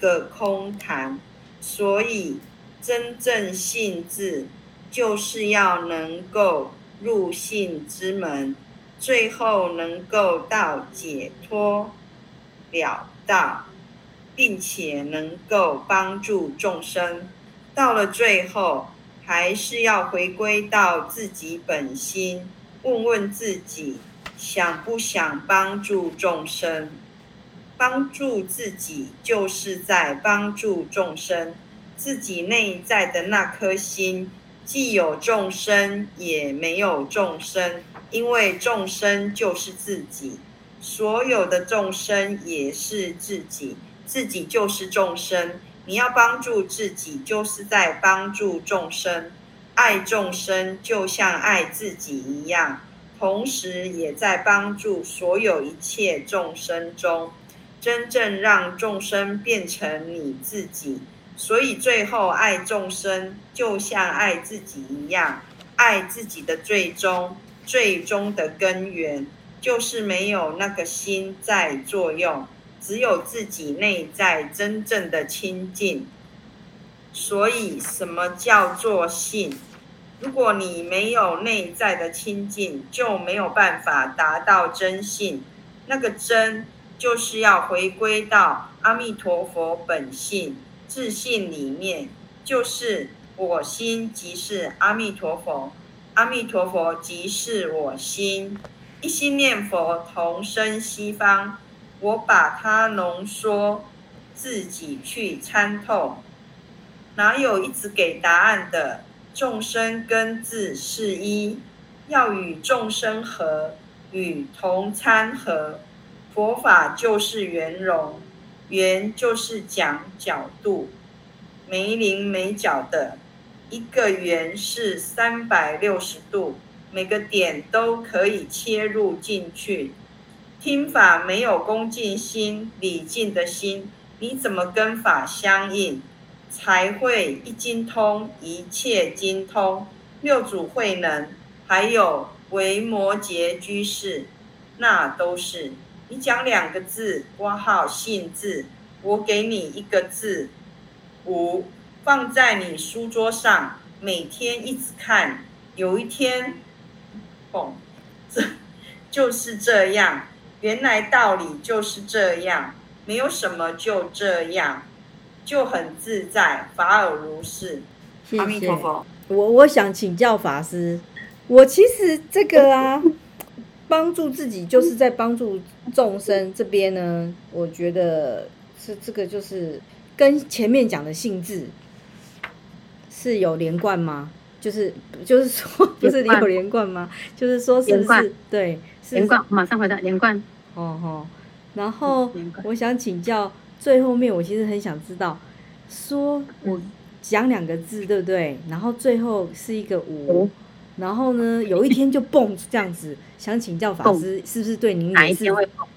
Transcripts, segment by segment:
個空談，所以真正性質就是要能夠入信之門，最後能夠到解脫了道，並且能夠幫助眾生。到了最後，還是要回歸到自己本心，問問自己想不想幫助眾生。幫助自己就是在幫助眾生，自己內在的那顆心既有眾生，也沒有眾生，因為眾生就是自己，所有的眾生也是自己，自己就是眾生。你要幫助自己，就是在幫助眾生，愛眾生就像愛自己一樣，同時也在幫助所有一切眾生中。真正讓眾生變成你自己，所以最後愛眾生就像愛自己一樣。愛自己的最終、最終的根源，就是沒有那個心在作用，只有自己內在真正的清淨。所以，什麼叫做信？如果你沒有內在的清淨，就沒有辦法達到真信。那個真。就是要回歸到阿彌陀佛本性自信裡面，就是我心即是阿彌陀佛，阿彌陀佛即是我心，一心念佛同生西方。我把它濃縮，自己去參透。哪有一直給答案的？眾生跟自是一，要與眾生合，與同參合。佛法就是圓融，圓就是講角度，沒稜沒角的。一個圓是三百六十度，每個點都可以切入進去。聽法沒有恭敬心、禮敬的心，你怎麼跟法相應？才會一精通，一切精通。六祖慧能，還有維摩詰居士，那都是。你講兩個字，括號信自。我給你一個字，無，放在你書桌上，每天一直看，有一天，哦，這就是這樣，原來道理就是這樣，沒有什麼就這樣，就很自在，法爾如是，阿彌陀佛。我我想請教法師，我其實這個啊。 幫助自己就是在幫助眾生這邊呢，我覺得是這個，就是跟前面講的性質是有連貫嗎？就是就是說不，就是你有連貫嗎？連貫？就是說是不是，連貫，對是不是連貫？馬上回到連貫，哦哦，然後我想請教最後面，我其實很想知道，說我講兩個字對不對？然後最後是一個無。嗯然後呢，有一天就嘣這樣子，想請教法師是不是對您來，是？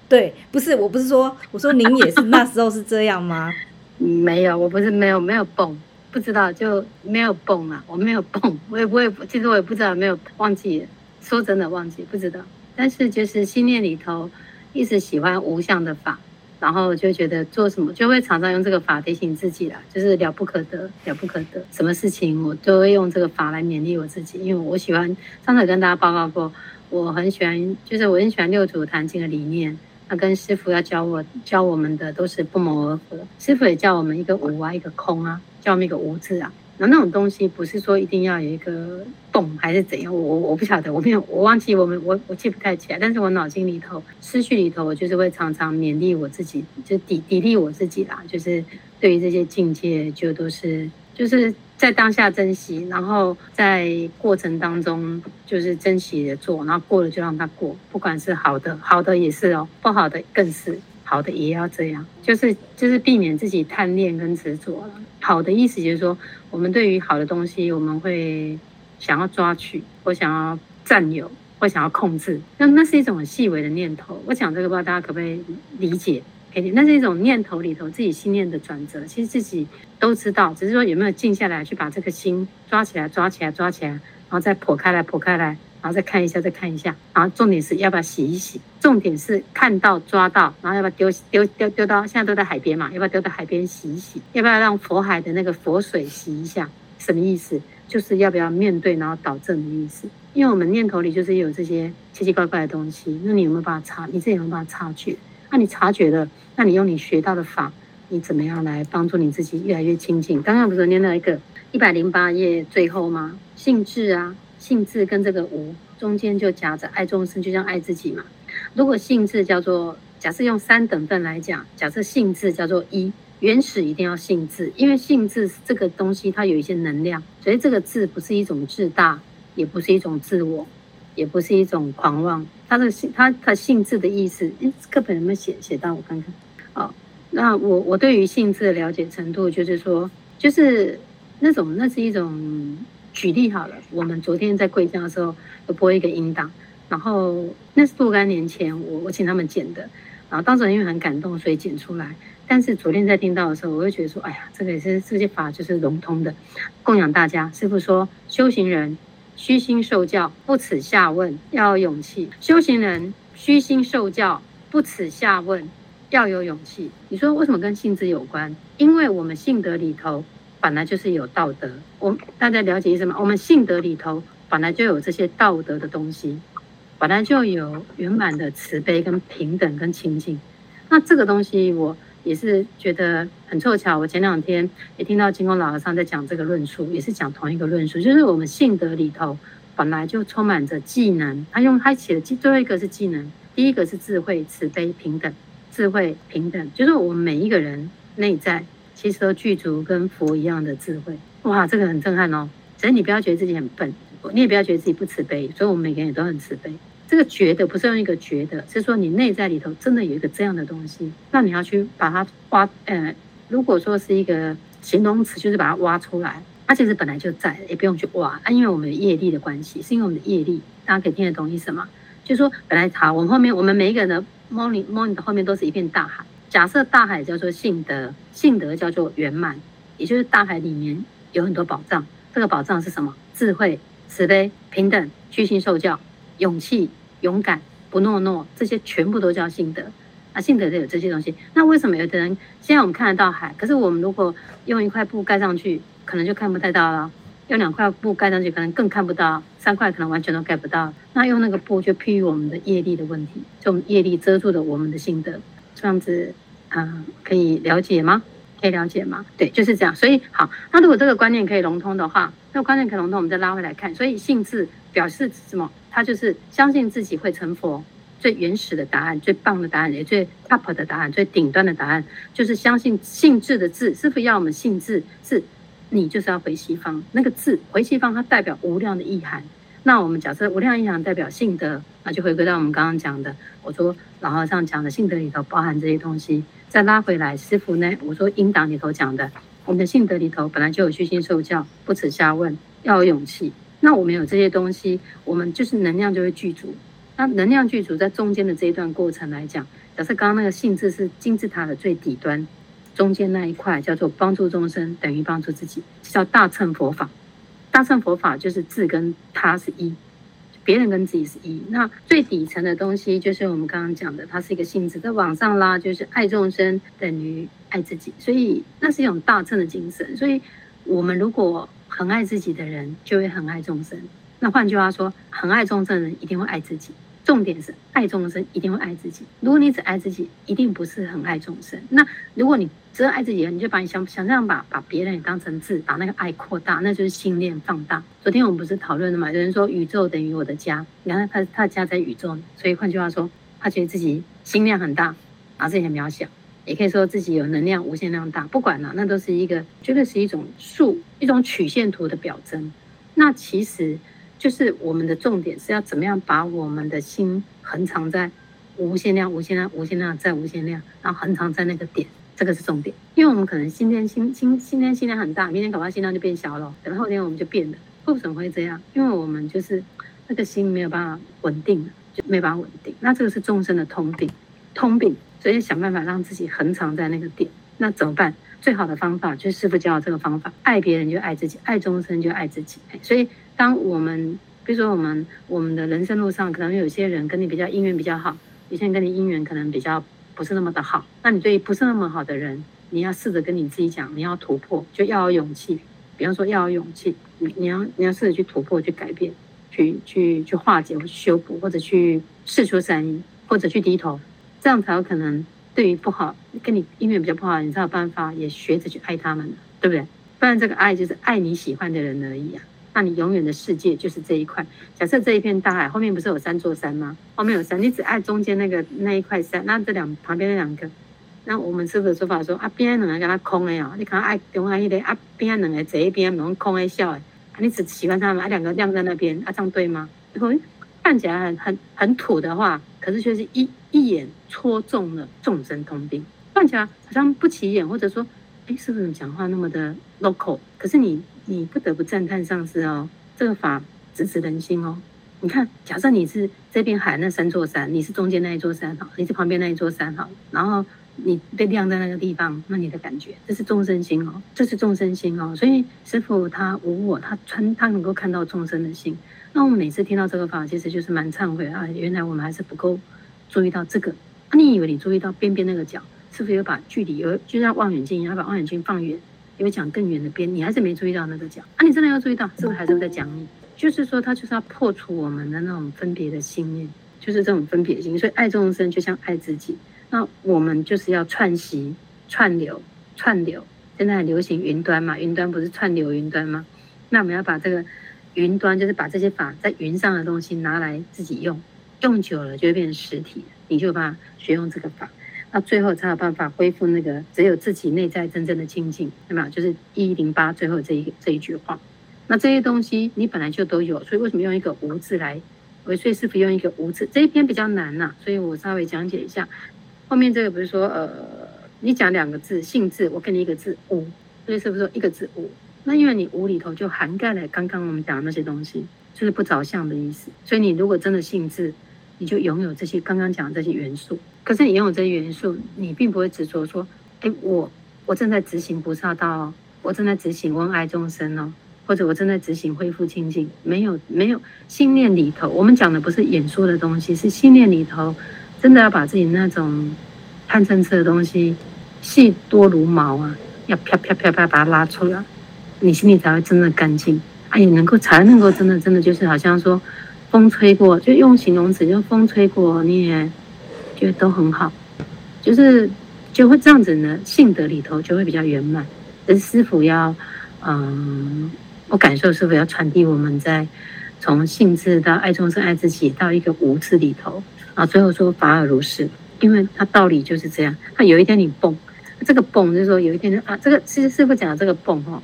對，不是，我不是說，我說您也是那時候是這樣嗎？ 沒有，我不是沒有沒有嘣，不知道就沒有嘣啊，我沒有嘣，我也不會，其實我也不知道，沒有忘記，說真的忘記，不知道。但是就是心念裡頭一直喜歡無相的法。然後就覺得做什麼就會常常用這個法提醒自己啦，就是了不可得，了不可得，什麼事情我都會用這個法來勉勵我自己，因為我喜歡。上次跟大家報告過，我很喜歡，就是我很喜歡六祖壇經的理念，那跟師父要教我教我們的都是不謀而合。師父也教我們一個無啊，一個空啊，教我們一個無字啊，那那種東西不是說一定要有一個。懂，還是怎樣？我我我不曉得，我沒有我忘記，我們我我記不太起來。但是我腦筋裡頭思緒裡頭，我就是會常常勉勵我自己，就砥砥礪我自己啦。就是對於這些境界，就都是就是在當下珍惜，然後在過程當中就是珍惜的做，然後過了就讓它過。不管是好的，好的也是哦，不好的更是好的，也要這樣，就是就是避免自己貪戀跟執着了。好的意思就是說，我們對於好的東西，我們會。想要抓取，我想要佔有，我想要控制，那那是一種很細微的念頭。我講這個，不知道大家可不可以理解給你，那是一種念頭裡頭自己信念的轉折。其實自己都知道，只是說有沒有靜下來去把這個心抓起來，抓起來、抓起來、抓起來，然後再剖開來、剖開來，然後再看一下、再看一下。然後重點是要不要洗一洗？重點是看到抓到，然後要不要丟丟丟丟到現在都在海邊嘛？要不要丟到海邊洗一洗？要不要讓佛海的那個佛水洗一下？什麼意思？就是要不要面對，然後導正的意思，因為我們念頭裡就是有這些奇奇怪怪的東西，那你有沒有辦法查？你自己有沒有辦法察覺？啊，你察覺了，那你用你學到的法，你怎麼樣來幫助你自己越來越清淨？剛剛不是念到一個一百零八頁最後嗎？信自啊，信自跟這個無中間就夾着愛眾生，就像愛自己嘛。如果信自叫做，假設用三等分來講，假設信自叫做一。原始一定要信自，因為信自這個東西它有一些能量，所以這個自不是一種自大，也不是一種自我，也不是一種狂妄。它的信，它它信自的意思，課、這個、本有沒有寫寫到？我看看。好，那我我對於信自的了解程度，就是說，就是那種那是一種舉例好了。我們昨天在貴江的時候，有播一個音檔，然後那是若干年前，我我請他們剪的，然後當時因為很感動，所以剪出來。但是昨天在聽到的時候，我會覺得說，哎呀，這個也是世界法，就是融通的供養大家。師父說，修行人虛心受教，不恥下問，要有勇氣；修行人虛心受教，不恥下問，要有勇氣。你說為什麼跟性質有關？因為我們性德裡頭本來就是有道德。我們大家了解意思嗎？我們性德裡頭本來就有這些道德的東西，本來就有圓滿的慈悲跟平等跟清淨。那這個東西我。也是覺得很湊巧，我前兩天也聽到金光老和尚在講這個論述，也是講同一個論述，就是我們性德裡頭本來就充滿着技能。他用他寫的，最後一個是技能，第一個是智慧、慈悲、平等。智慧、平等，就是我們每一個人內在其實都具足跟佛一樣的智慧。哇，這個很震撼哦！所以你不要覺得自己很笨，你也不要覺得自己不慈悲，所以我們每個人也都很慈悲。這個覺得不是用一個覺得，是說你內在裡頭真的有一個這樣的東西，那你要去把它挖。呃，如果說是一個形容詞，就是把它挖出來，它其實本來就在，也不用去挖。啊，因為我們的業力的關係，是因為我們的業力。大家可以聽得懂意思嗎？就是說本來好，我們後面，我們每一個人的 morning morning 的後面都是一片大海。假設大海叫做性德，性德叫做圓滿，也就是大海裡面有很多寶藏。這個寶藏是什麼？智慧、慈悲、平等、虛心受教、勇氣。勇敢不懦弱，這些全部都叫性德啊，性德就有這些東西。那為什麼有的人現在我們看得到海，可是我們如果用一塊布蓋上去，可能就看不太到了；用兩塊布蓋上去，可能更看不到；三塊可能完全都蓋不到。那用那個布就譬如我們的業力的問題，這種業力遮住了我們的性德，這樣子，嗯、呃，可以了解嗎？可以了解嗎？對，就是這樣。所以好，那如果這個觀念可以融通的話，那個、觀念可以融通，我們再拉回來看。所以信自表示什麼？它就是相信自己會成佛，最原始的答案，最棒的答案，也最 top 的答案，最頂端的答案，就是相信信自的自，師父要我們信自，自，你就是要回西方那個自。回西方它代表無量的意涵。那我們假設無量意涵代表性德，那就回歸到我們剛剛講的，我說老和尚講的性德裡頭包含這些東西。再拉回來，師父呢？我說音檔裡頭講的，我們的性德裡頭本來就有虛心受教，不恥下問，要有勇氣。那我們有這些東西，我們就是能量就會具足。那能量具足在中間的這一段過程來講，假設剛剛那個性質是金字塔的最底端，中間那一塊叫做幫助眾生等於幫助自己，叫大乘佛法。大乘佛法就是自跟他是一。別人跟自己是一，那最底層的東西就是我們剛剛講的，它是一個性質。在往上拉，就是愛眾生等於愛自己，所以那是一種大乘的精神。所以，我們如果很愛自己的人，就會很愛眾生。那換句話說，很愛眾生的人，一定會愛自己。重點是愛眾生，一定會愛自己。如果你只愛自己，一定不是很愛眾生。那如果你只要愛自己你就把你想想象把把別人也當成自，把那個愛擴大，那就是心量放大。昨天我們不是討論了嘛？有人說宇宙等於我的家，你看他他的家在宇宙，所以換句話說，他覺得自己心量很大，而自己很渺小，也可以說自己有能量無限量大，不管了、啊，那都是一個絕對是一種數，一種曲線圖的表徵。那其實。就是我們的重點是要怎麼樣把我們的心恆常在無限量、無限量、無限量，在無限量，然後恆常在那個點，這個是重點。因為我們可能今天心心今天心量很大，明天搞不好心量就變小了，等到後天我們就變了。為什麼會這樣？因為我們就是那個心沒有辦法穩定了，就沒辦法穩定。那這個是眾生的通病，通病，所以想辦法讓自己恆常在那個點。那怎麼辦？最好的方法就是師父教的這個方法：愛別人就愛自己，愛眾生就愛自己。所以。當我們，比如說我們，我們的人生路上，可能有些人跟你比較姻緣比較好，有些人跟你姻緣可能比較不是那麼的好。那你對於不是那麼好的人，你要試着跟你自己講，你要突破，就要有勇氣。比方說，要有勇氣，你你要你要試着去突破，去改變，去去去化解，或修補，或者去釋出善意，或者去低頭，這樣才有可能對於不好跟你姻緣比較不好，你才有辦法也學着去愛他們，對不對？不然這個愛就是愛你喜歡的人而已啊。那你永遠的世界就是這一塊。假設這一片大海後面不是有三座山嗎？後面有山，你只愛中間那個那一塊山。那這兩旁邊那兩個，那我們是、啊、個說法說啊邊兩個跟他空的呀、哦、你看愛中央一、那個啊邊兩個坐一邊，兩邊空的笑的，啊你只喜歡他們啊兩個晾在那邊啊這樣對嗎？然後看起來很很很土的話，可是卻是一一眼戳中了眾生通病。看起來好像不起眼，或者說，哎、欸，是不是你講話那麼的 local？可是你。你不得不讚嘆上師哦，這個法直指人心哦。你看，假設你是這邊海那三座山，你是中間那一座山哈，你是旁邊那一座山哈，然後你被晾在那個地方，那你的感覺，這是眾生心哦，這是眾生心哦。所以師父他無我，他穿他能夠看到眾生的心。那我們每次聽到這個法，其實就是蠻懺悔啊、哎，原來我們還是不夠注意到這個。啊、你以為你注意到邊邊那個角，師父有把距離有就像望遠鏡一樣，把望遠鏡放遠。因為講更遠的邊，你還是沒注意到那個講。啊！你真的要注意到，是不是還是在講你？就是說，他就是要破除我們的那種分別的信念，就是這種分別心。所以愛眾生就像愛自己。那我們就是要串習、串流、串流。現在很流行雲端嘛，雲端不是串流雲端嗎？那我們要把這個雲端，就是把這些法在雲上的東西拿來自己用，用久了就會變成實體。你就把學用這個法。那最後才有辦法恢復那個只有自己內在真正的清淨，對吧？就是一零八最後這一這一句話。那這些東西你本來就都有，所以為什麼用一個無字來？為所以是不是用一個無字？這一篇比較難吶、啊，所以我稍微講解一下。後面這個不是說呃，你講兩個字信自，我給你一個字無、哦。所以是不是說一個字無、哦？那因為你無裡頭就涵蓋了剛剛我們講的那些東西，就是不着相的意思。所以你如果真的信自，你就擁有這些剛剛講的這些元素。可是你擁有這些元素，你並不會執着說，哎，我我正在執行菩薩道哦，我正在執行溫愛眾生哦，或者我正在執行恢復清淨，沒有，沒有信念裡頭，我們講的不是演說的東西，是信念裡頭真的要把自己那種貪嗔癡的東西細多如毛啊，要啪啪啪啪啪把它拉出來，你心裡才會真的乾淨。啊、哎，你能夠才能夠真的真的就是好像說風吹過，就用形容詞，就風吹過你也，覺得都很好，就是就會這樣子呢，性德裡頭就會比較圓滿。但師父要，嗯，我感受師父要傳遞我們在從性質到愛眾生、愛自己到一個無字裡頭啊。後最後說法爾如是，因為他道理就是這樣。他有一天你蹦，這個蹦就是說有一天啊，這個其實師父講這個蹦哈、哦，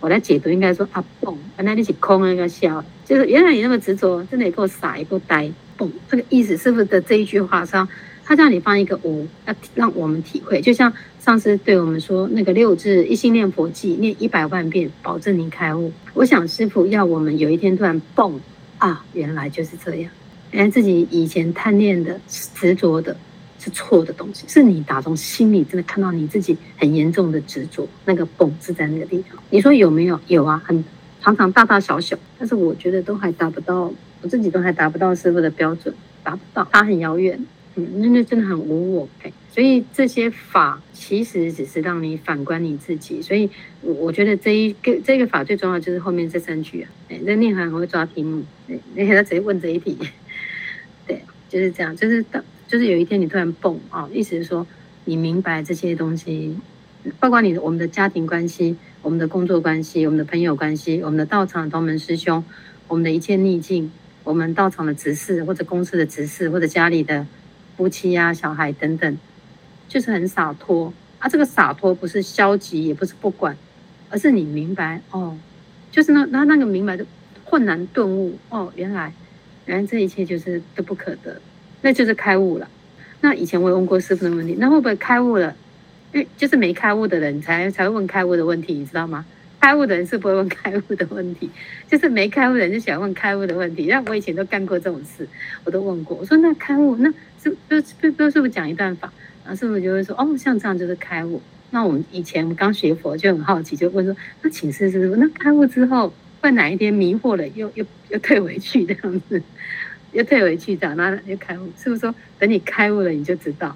我來解讀應該說啊蹦，那你起空那個笑，就是原來你那麼執着，真的夠傻，也夠呆蹦，這個意思是不是的這一句話上？他叫你放一個無，要讓我們體會，就像上次對我們說，那個六字一心念佛記念一百萬遍，保證你開悟。我想師父要我們有一天突然蹦，啊，原來就是這樣，原來自己以前貪戀的、執着的，是錯的東西。是你打從心裡真的看到你自己很嚴重的執着那個蹦字在那個地方。你說有沒有？有啊，很常常大大小小，但是我覺得都還達不到，我自己都還達不到師父的標準，達不到，他很遙遠。那那真的很無我哎、欸，所以這些法其實只是讓你反觀你自己。所以我我覺得這一個這個法最重要的就是後面這三句啊，哎、欸，那念涵很會抓屏幕，那、欸、那、欸、他直接問這一題，對，就是這樣，就是到就是有一天你突然蹦啊，意思是說你明白這些東西，包括你的我們的家庭關係、我們的工作關係、我們的朋友關係、我們的道場的同門師兄、我們的一切逆境、我們道場的執事或者公司的執事或者家裡的。夫妻呀、啊、小孩等等，就是很灑脫啊。這個灑脫不是消極，也不是不管，而是你明白哦，就是那那那個明白的困難頓悟哦，原來原來這一切就是都不可得，那就是開悟了。那以前我也問過師父的問題，那會不會開悟了？因為就是沒開悟的人才才會問開悟的問題，你知道嗎？開悟的人是不會問開悟的問題，就是沒開悟的人就喜歡問開悟的問題。那我以前都幹過這種事，我都問過，我說那開悟那，是不是師傅講一段法，然後師傅就會說：“哦，像這樣就是開悟。”那我們以前我們剛學佛就很好奇，就問說：“那請示師傅，那開悟之後，會哪一天迷惑了又又又退回去這樣子？又退回去？這樣？然後又開悟？”師傅說：“等你開悟了，你就知道。”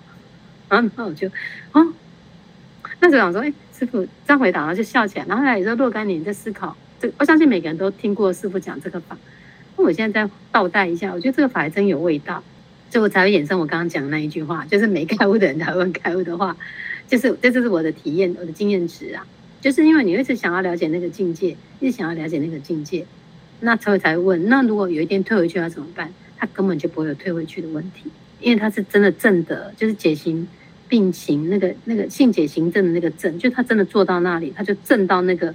然後我就哦，那時候想說：“哎、欸，師傅這樣回答，然後就笑起來。”然後來你說若干年在思考、這個。我相信每個人都聽過師傅講這個法，那我現在再倒帶一下，我覺得這個法還真有味道。所以我才會衍生我剛剛講的那一句話，就是沒開悟的人才會問開悟的話，就是就這就是我的體驗，我的經驗值啊，就是因為你一直想要了解那個境界，一直想要了解那個境界，那才會才會問。那如果有一天退回去要怎麼辦？他根本就不會有退回去的問題，因為他是真的證的，就是解行病情那個那個信解行證的那個證，就他真的做到那裡，他就證到那個。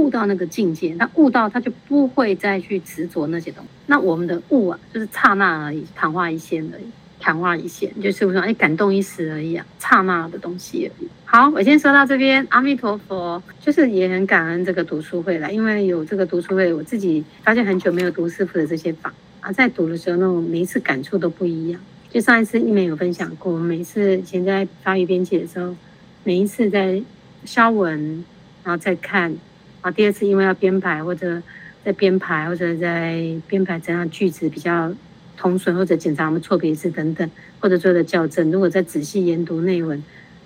悟到那個境界，那悟到他就不會再去執着那些東西。那我們的悟啊，就是剎那而已，曇花一現而已，曇花一現。就是傅說，哎，感動一時而已，啊，剎那的東西而已。好，我先說到這邊。阿彌陀佛，就是也很感恩這個讀書會了，因為有這個讀書會，我自己發現很久沒有讀師傅的這些法啊，在讀的時候呢，我每一次感觸都不一樣。就上一次一年有分享過，每一次現在法語編輯的時候，每一次在消文，然後再看。啊，第二次因為要編排，或者在編排，或者在編排怎樣句子比較通順，或者檢查我們錯別字等等，或者做的校正。如果再仔細研讀內文，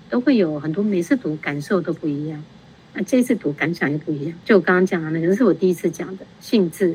都會有很多每次讀感受都不一樣。那、啊、這次讀感想又不一樣。就我剛剛講的那個，這是我第一次講的信自，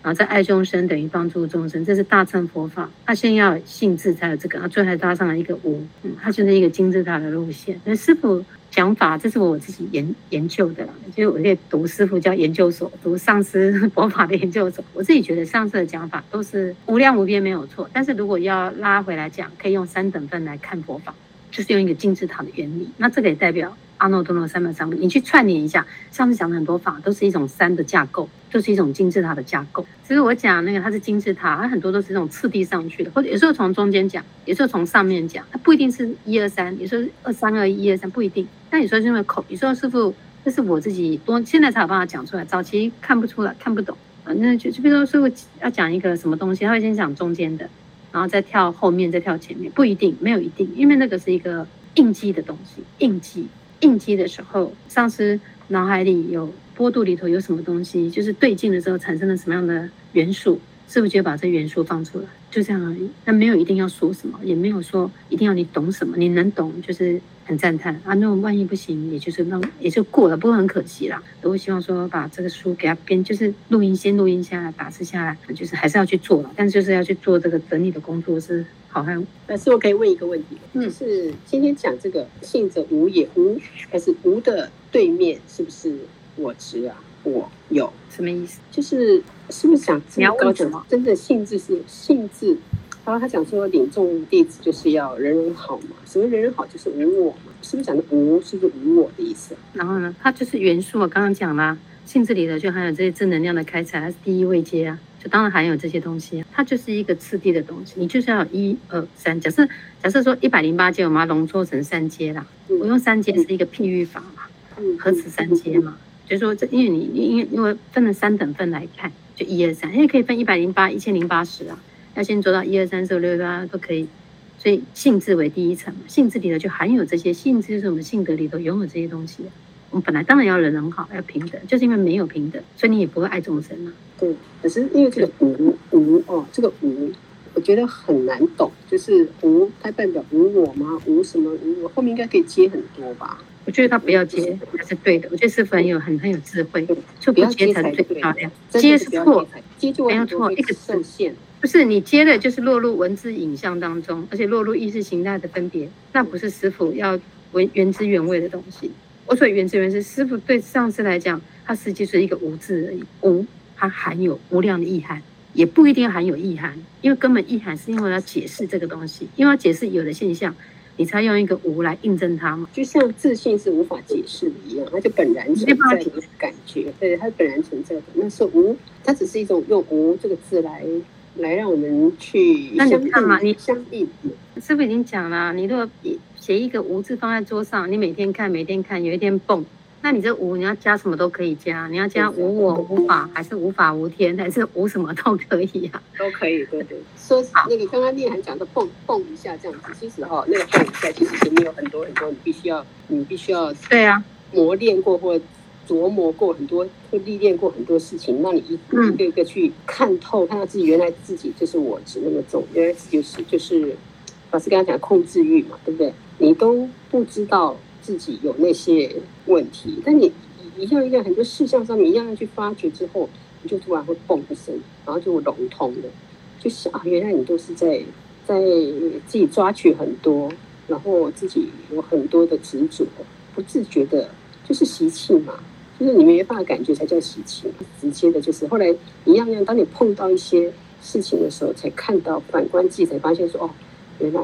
然後在愛眾生，等於幫助眾生，這是大乘佛法，它先要信自才有這個，然後最後還搭上了一個無，嗯，它就是一個金字塔的路線。那師父。講法，這是我自己研研究的啦，就是我在讀師傅教研究所，讀上師佛法的研究所。我自己覺得上師的講法都是無量無邊沒有錯，但是如果要拉回來講，可以用三等分來看佛法，就是用一個金字塔的原理。那這個也代表阿耨多羅三藐三菩提，你去串聯一下，上次講的很多法都是一種三的架構。就是一種金字塔的架構，其實我講那個它是金字塔，它很多都是這種次第上去的，或者有時候從中間講，有時候從上面講，它不一定是一二三，有時候二三二一二三不一定。但你說就是因為口，你說師父，這是我自己多現在才有辦法講出來，早期看不出來看不懂。反正就就比如說師父要講一個什麼東西，他會先講中間的，然後再跳後面，再跳前面，不一定沒有一定，因為那個是一個應機的東西，應機應機的時候，上司腦海裡有。波度裡頭有什麼東西？就是對境的時候產生了什麼樣的元素？是不是就把這元素放出來？就這樣而已。那沒有一定要說什麼，也沒有說一定要你懂什麼。你能懂就是很讚嘆啊。那種萬一不行，也就是那也就過了，不會很可惜啦。都希望說把這個書給它編，就是錄音先錄音下來，打字下來，就是還是要去做了。但是就是要去做這個整理的工作是好漢。但是我可以問一個問題：嗯，是今天講這個“信自無也無”還是“無”的對面是不是？我知啊，我有。什麼意思？就是是不是想，Okay, 你要問什麼？真的性質是性質，然後他講說，領眾弟子就是要人人好嘛，什麼人人好就是無我嘛，是不是講的無是不是無我的意思、啊？然後呢，它就是元素我、啊、剛剛講啦，性質裡的就含有這些正能量的開採，它是第一位階啊，就當然含有這些東西、啊、它就是一個次第的東西，你就是要一二三。假設假設說一百零八階，我們要濃縮成三階啦、嗯，我用三階是一個譬喻法嘛，何、嗯、止三階嘛？嗯嗯嗯就是、說這，因為你，因為因為分了三等份來看，就一、二、三，因為可以分一百零八、一千零八十啊。要先做到一、二、三、四、五、六、七、八都可以，所以性質為第一層嘛。性質裡頭就含有這些性質，就是我們性格裡頭擁有這些東西、啊。我們本來當然要人人好，要平等，就是因為沒有平等，所以你也不會愛眾生嘛、啊。對。可是因為這個無無哦，這個無，我覺得很難懂，就是無，它代表無我嗎？無什麼無？無我後面應該可以接很多吧？我覺得他不要接不是還是對的，我覺得師父很有，嗯、很很有智慧，就不要接才最漂亮。接是錯，就是沒有錯，接就一個限，不是你接的，就是落入文字影像當中，而且落入意識形態的分別，那不是師父要原，原汁原味的東西。我說原汁原味，師父對上司來講，他實際是一個無字而已，無它含有無量的意涵，也不一定含有意涵，因為根本意涵是因為要解釋這個東西，因為要解釋有的現象。你才用一個無來印證它嘛，就像自信是無法解釋的一樣，它就本然存在。感覺、嗯，對，它本然存在的，那是無，它只是一種用無這個字來來讓我們去相應嘛，那你看嘛，你相應。師父已經講了，你如果寫一個無字放在桌上，你每天看，每天看，有一天蹦。那你這無，你要加什麼都可以加，你要加無我無法，還是無法無天，還是無什麼都可以呀、啊？都可以，對對、對。說 實話那個剛剛念涵講的蹦蹦一下這樣子，其實哈、哦，那個蹦一下，其實前面有很多很多，你必須要，你必須要對啊，磨練過或琢磨過很多，或歷練過很多事情，那你一一個一個去看透、嗯，看到自己原來自己就是我執那麼重，原來就是就是老師剛剛講控制欲嘛，對不對？你都不知道。自己有那些問題，但你一樣一樣很多事項上，你一樣一樣去發掘之後，你就突然會蹦一聲，然後就融通的，就想啊，原來你都是在在自己抓取很多，然後自己有很多的執着，不自覺的，就是習氣嘛，就是你沒辦法感覺才叫習氣，直接的，就是後來一樣一樣，當你碰到一些事情的時候，才看到反觀自己才發現說哦，原來。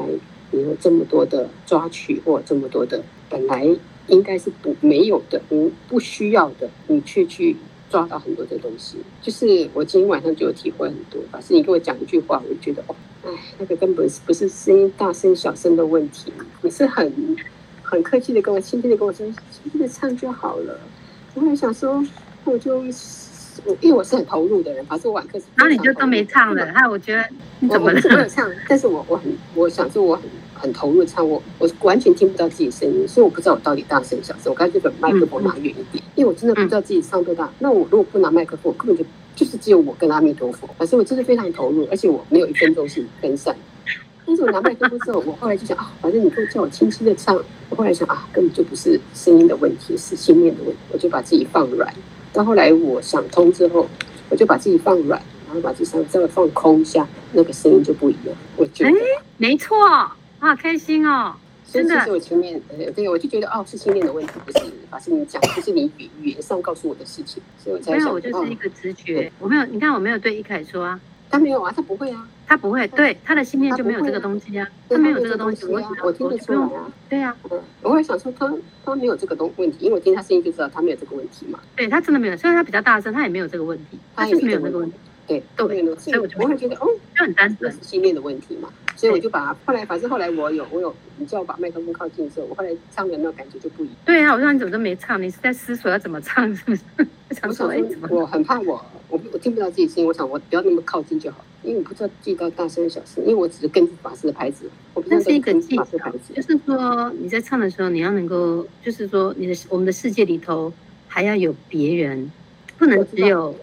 有這麼多的抓取，或這麼多的本來應該是不沒有的，不不需要的，你去去抓到很多的東西。就是我今天晚上就有體會很多。可是你給我講一句話，我就覺得哦，哎，那個根本是不是聲音大聲小聲的問題？你是很很客氣的跟我，輕輕的跟我說，輕輕的唱就好了。我還想說，我就因為我是很投入的人，反正我晚課是，然後你就都沒唱了。那、啊、我覺得你怎麼了？我我沒有唱，但是我我很我想說我很。很投入唱，我我完全聽不到自己的聲音，所以我不知道我到底大聲小聲。我乾脆把麥克風拿遠一點，嗯，因為我真的不知道自己唱多大、嗯。那我如果不拿麥克風，我根本就就是只有我跟阿彌陀佛。反正我真的非常投入，而且我沒有一分鐘是分散。但是我拿麥克風之後，我後來就想，啊，反正你不叫我輕輕的唱。我後來想啊，根本就不是聲音的問題，是心念的問題。我就把自己放軟。到後來我想通之後，我就把自己放軟，然後把這聲再放空一下，那個聲音就不一樣。我覺得，沒錯。好開心哦！真的是，是我前面、呃，對，我就覺得哦，是心念的問題，不是法師你講，就是你語，語言上告訴我的事情，所以我才想沒有我就是一個直覺、哦。我沒有，你看我沒有對一凱說啊，他沒有啊，他不會啊，他不會，對，他的心念就沒有這個東西啊，他、啊、沒有這個東西，我、啊啊、我聽得出來、啊、對啊，嗯、我會想說他他沒有這個東問題，因為我聽他聲音就知道他沒有這個問題嘛，對他真的沒有，雖然他比較大聲，他也沒有這個問題，他也沒有這個問題。對，那個呢，所以我會覺得哦，就很單純，是心念的問題嘛。所以我就把後來反正後來我有我有，你就要把麥克風靠近的時候，我後來唱的時候感覺就不一樣。對啊，我說你怎麼都沒唱？你是在思索要怎麼唱，是不是？想說，我很怕我 我我聽不到自己聲音。我想我不要那麼靠近就好，因為我不知道記到大聲小聲，因為我只是跟着法師的拍子。這是一個記拍子，就是說你在唱的時候，你要能夠，就是說你的我們的世界裡頭還要有別人，不能只有。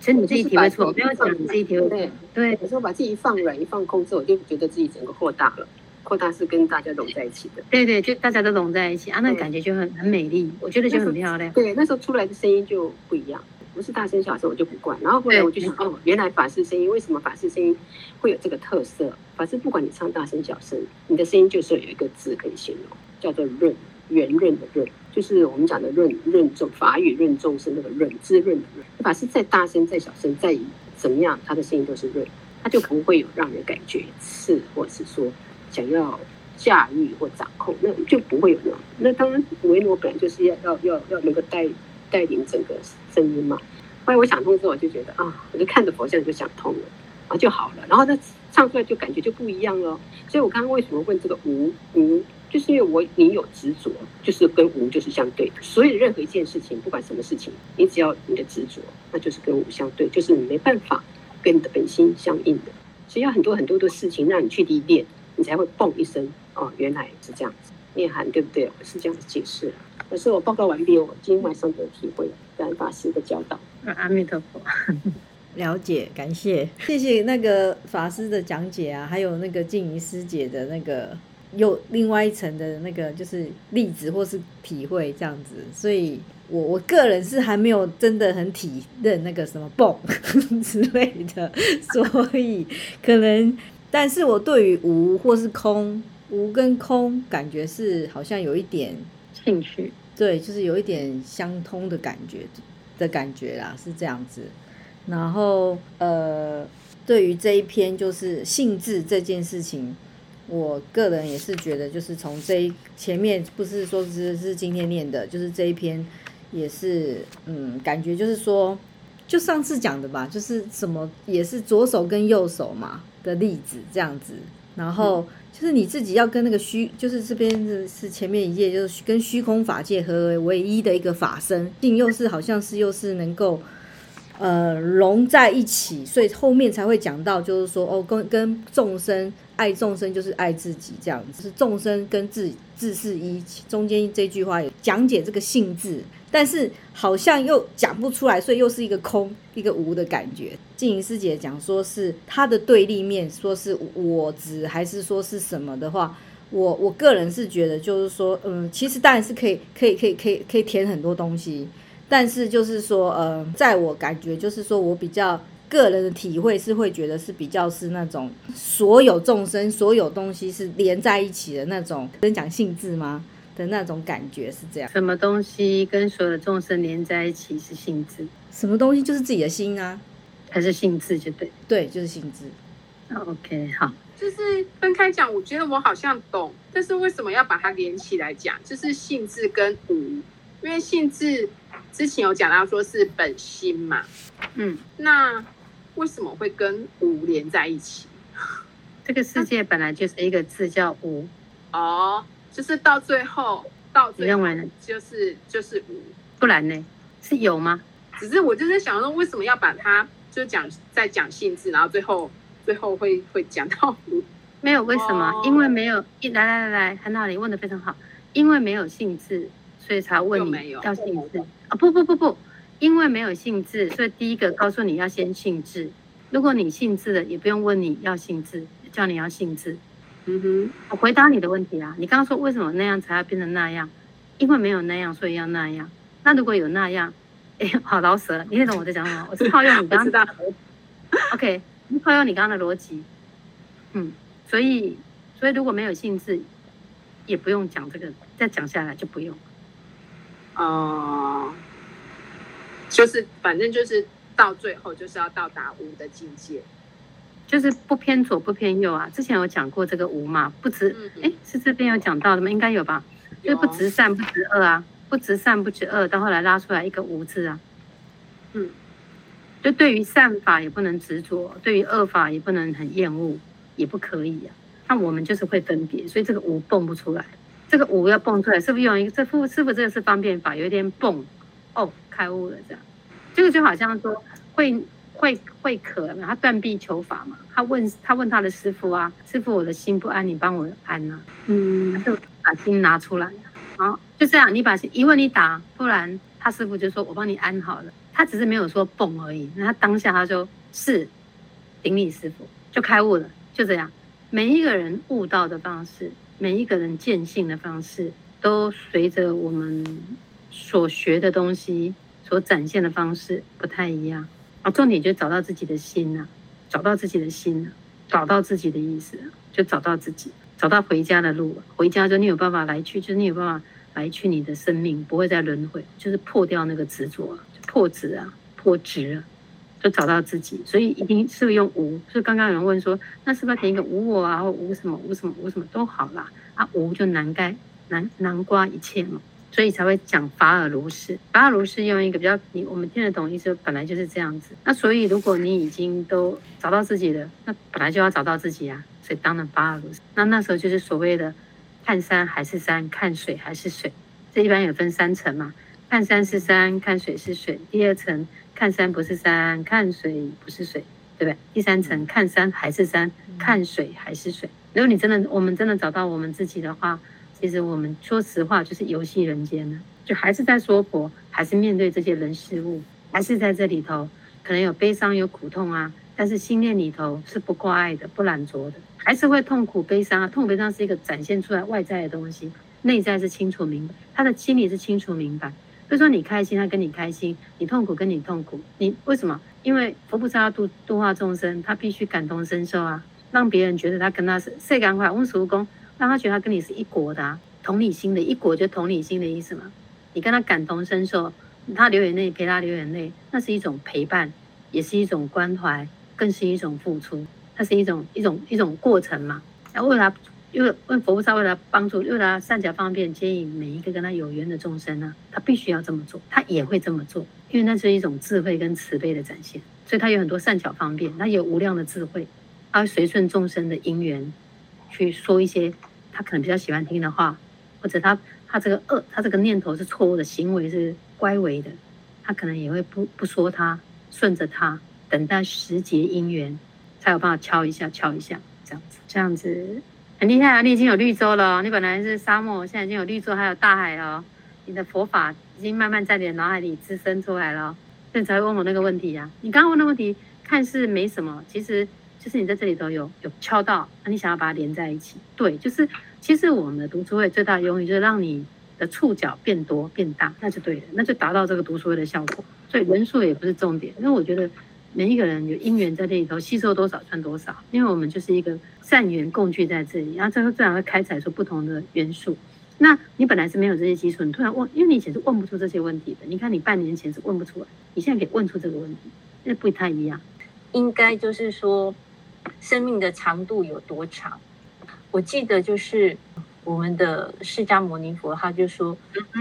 所以你自己體會錯，不要講你自己體會。對對，我說把自己一放軟、一放空之後，我就覺得自己整個擴大了，擴大是跟大家融在一起的。對對、對、對、對，就大家都融在一起啊，那感覺就很很美麗。我覺得就很漂亮。對，那時候出來的聲音就不一樣，不是大聲小聲我就不管。然後後來我就想，哦，原來法師聲音，為什麼法師聲音會有這個特色？法師不管你唱大聲小聲，你的聲音就是有一個字可以形容，叫做潤。圓潤的潤，就是我們講的潤潤重，法語潤重是那個潤，滋潤的潤。不管是再大聲、再小聲、再怎麼樣，它的聲音都是潤，它就不會有讓人感覺刺，或是說想要駕馭或掌控，那就不會有那種。那當然維那，本來就是要要要要能夠帶帶領整個聲音嘛。後來我想通之後，我就覺得啊，我就看着佛像就想通了啊，就好了。然後他唱出來就感覺就不一樣了哦。所以我剛剛為什麼問這個無無？嗯就是因為我你有執着，就是跟無就是相對的。所以任何一件事情，不管什麼事情，你只要你的執着，那就是跟無相對，就是你沒辦法跟你的本心相應的。所以要很多很多的事情讓你去歷練，你才會嘣一聲哦，原來是這樣子。念涵對不對？我是這樣子解釋。可是我報告完畢，我今天晚上都有體會，感恩法師的教導。啊、阿彌陀佛， 了解，感謝，謝謝那個法師的講解啊，還有那個靜怡師姐的那個。有另外一層的那個，就是例子或是體會這樣子，所以我我個人是還沒有真的很體認那個什麼“嘣” 之類的，所以可能，但是我對於無或是空，無跟空感覺是好像有一點興趣，對，就是有一點相通的感覺的感覺啦，是這樣子。然後呃，對於這一篇就是信自這件事情，我個人也是覺得，就是從這一前面不是說是是今天念的，就是這一篇也是，嗯，感覺就是說，就上次講的吧，就是什麼也是左手跟右手嘛的例子這樣子，然後就是你自己要跟那個虛，就是這邊是是前面一頁就是跟虛空法界合為唯一的一個法身定，又是好像是又是能夠。呃，融在一起，所以後面才會講到，就是說，哦，跟跟眾生愛眾生就是愛自己這樣子，是眾生跟自自是一中間這句話講解這個性質，但是好像又講不出來，所以又是一個空一個無的感覺。靜怡師姐講說是他的對立面，說是我執，還是說是什麼的話，我我個人是覺得就是說，嗯，其實當然是可以，可以，可以，可以，可以填很多東西。但是就是說，呃，在我感覺就是說我比較個人的體會是，會覺得是比較是那種所有眾生、所有東西是連在一起的那種。跟講性質嗎？的那種感覺是這樣。什麼東西跟所有眾生連在一起是性質？什麼東西就是自己的心啊？還是性質就對？對，就是性質。OK，好。就是分開講，我覺得我好像懂，但是為什麼要把它連起來講？就是性質跟無，因為性質。之前有講到說是本心嘛，嗯，那為什麼會跟無連在一起？這個世界本來就是一個字叫無。哦，就是到最後，到最後就是、就是、就是無，不然呢？是有嗎？只是我就是在想說，為什麼要把它就講再講信自，然後最後最後會會講到無？沒有為什麼。哦？因為沒有來來來來，看，那你問的非常好，因為沒有信自。所以才問你要信自啊。不不不不，因為沒有信自，所以第一個告訴你要先信自。如果你信自了，也不用問你要信自，叫你要信自。嗯哼，我回答你的問題啊，你剛剛說為什麼那樣才要變成那樣？因為沒有那樣，所以要那樣。那如果有那樣，哎，好饒舌。你聽懂我在講什麼？ 我是套用你剛剛的 ，OK，套用你剛剛的邏輯。嗯，所以所以如果沒有信自，也不用講這個，再講下來就不用。哦，就是反正就是到最後就是要到達無的境界，就是不偏左不偏右啊。之前有講過這個無嘛，不執哎、嗯嗯欸，是這邊有講到的嗎？應該有吧。有，就所以不執善不執惡啊，不執善不執惡，到後來拉出來一個無字啊。嗯，就對於善法也不能執着，對於惡法也不能很厭惡，也不可以啊。那我們就是會分別，所以這個無蹦不出來。這個五要蹦出來，是不是用一個這副師父師傅？這個是方便法，有一點蹦，哦，開悟了這樣，這個就好像說慧、慧、慧可然，他斷臂求法嘛，他問他問他的師傅啊，師傅，我的心不安，你幫我安吶、啊，嗯，就把心拿出來，然後就這樣，你把心一問一答，突然他師傅就說，我幫你安好了，他只是沒有說蹦而已，那他當下他說是頂禮師父，就開悟了，就這樣，每一個人悟道的方式，每一個人見性的方式，都隨着我們所學的東西所展現的方式不太一樣。啊，重點就找到自己的心啊，找到自己的心啊，找到自己的意思啊，就找到自己，找到回家的路啊。回家就你有辦法來去，就是你有辦法來去你的生命，不會再輪回，就是破掉那個執着啊，就破執啊，破執啊。就找到自己，所以一定是用無。就剛剛有人問說，那是不是填一個無我啊，或無什麼無什麼無什麼都好啦。啊，無就難蓋難難刮一切嘛，所以才會講法爾如是。法爾如是用一個比較你我們聽得懂的意思，本來就是這樣子。那所以如果你已經都找到自己的，那本來就要找到自己啊，所以當然法爾如是。那那時候就是所謂的看山還是山，看水還是水。這一般有分三層嘛，看山是山，看水是水。第二層。看山不是山，看水不是水，對不對？第三層，看山還是山，看水還是水。如果你真的，我們真的找到我們自己的話，其實我們說實話就是遊戲人間了，就還是在娑婆，還是面對這些人事物，還是在這裡頭，可能有悲傷有苦痛啊。但是心念裡頭是不掛礙的，不染濁的，還是會痛苦悲傷啊。痛苦悲傷是一個展現出來外在的東西，內在是清楚明白，他的心裡是清楚明白。所以說你開心，他跟你開心；你痛苦，跟你痛苦。你為什麼？因為佛菩薩度度化眾生，他必須感同身受啊，讓別人覺得他跟他是誰敢懷，溫慈無功，讓他覺得他跟你是一國的啊，同理心的一國就同理心的意思嘛。你跟他感同身受，他流眼淚，陪他流眼淚，那是一種陪伴，也是一種關懷，更是一種付出。那是一種一種一種過程嘛。啊，為了。因為問佛菩薩為了幫助，為了善巧方便，接引每一個跟他有緣的眾生呢，他必須要這麼做，他也會這麼做，因為那是一種智慧跟慈悲的展現。所以，他有很多善巧方便，他有無量的智慧，他會隨順眾生的因緣去說一些他可能比較喜歡聽的話，或者他他這個惡、呃，他這個念頭是錯誤的行為是乖違的，他可能也會不不說他，順着他，等待時節因緣，才有辦法敲一下敲一下這樣子，這樣子。很厲害啊！你已經有綠洲了，你本來是沙漠，現在已經有綠洲，還有大海了。你的佛法已經慢慢在你的腦海裡滋生出來了，所以你才會問我那個問題呀、啊。你剛剛問的問題看似沒什麼，其實就是你在這裡頭有有敲到，啊、你想要把它連在一起。對，就是其實我們的讀書會最大的用意就是讓你的觸角變多變大，那就對了，那就達到這個讀書會的效果。所以人數也不是重點，因為我覺得每一個人有因緣在這裡頭吸收多少算多少，因為我們就是一個。善緣共聚在這裡，然後最後自然會開採出不同的元素。那你本來是沒有這些基礎，你突然問，因為你以前是問不出這些問題的。你看你半年前是問不出來，你現在可以問出這個問題，那不太一樣。應該就是說，生命的長度有多長？我記得就是我們的釋迦牟尼佛，他就說，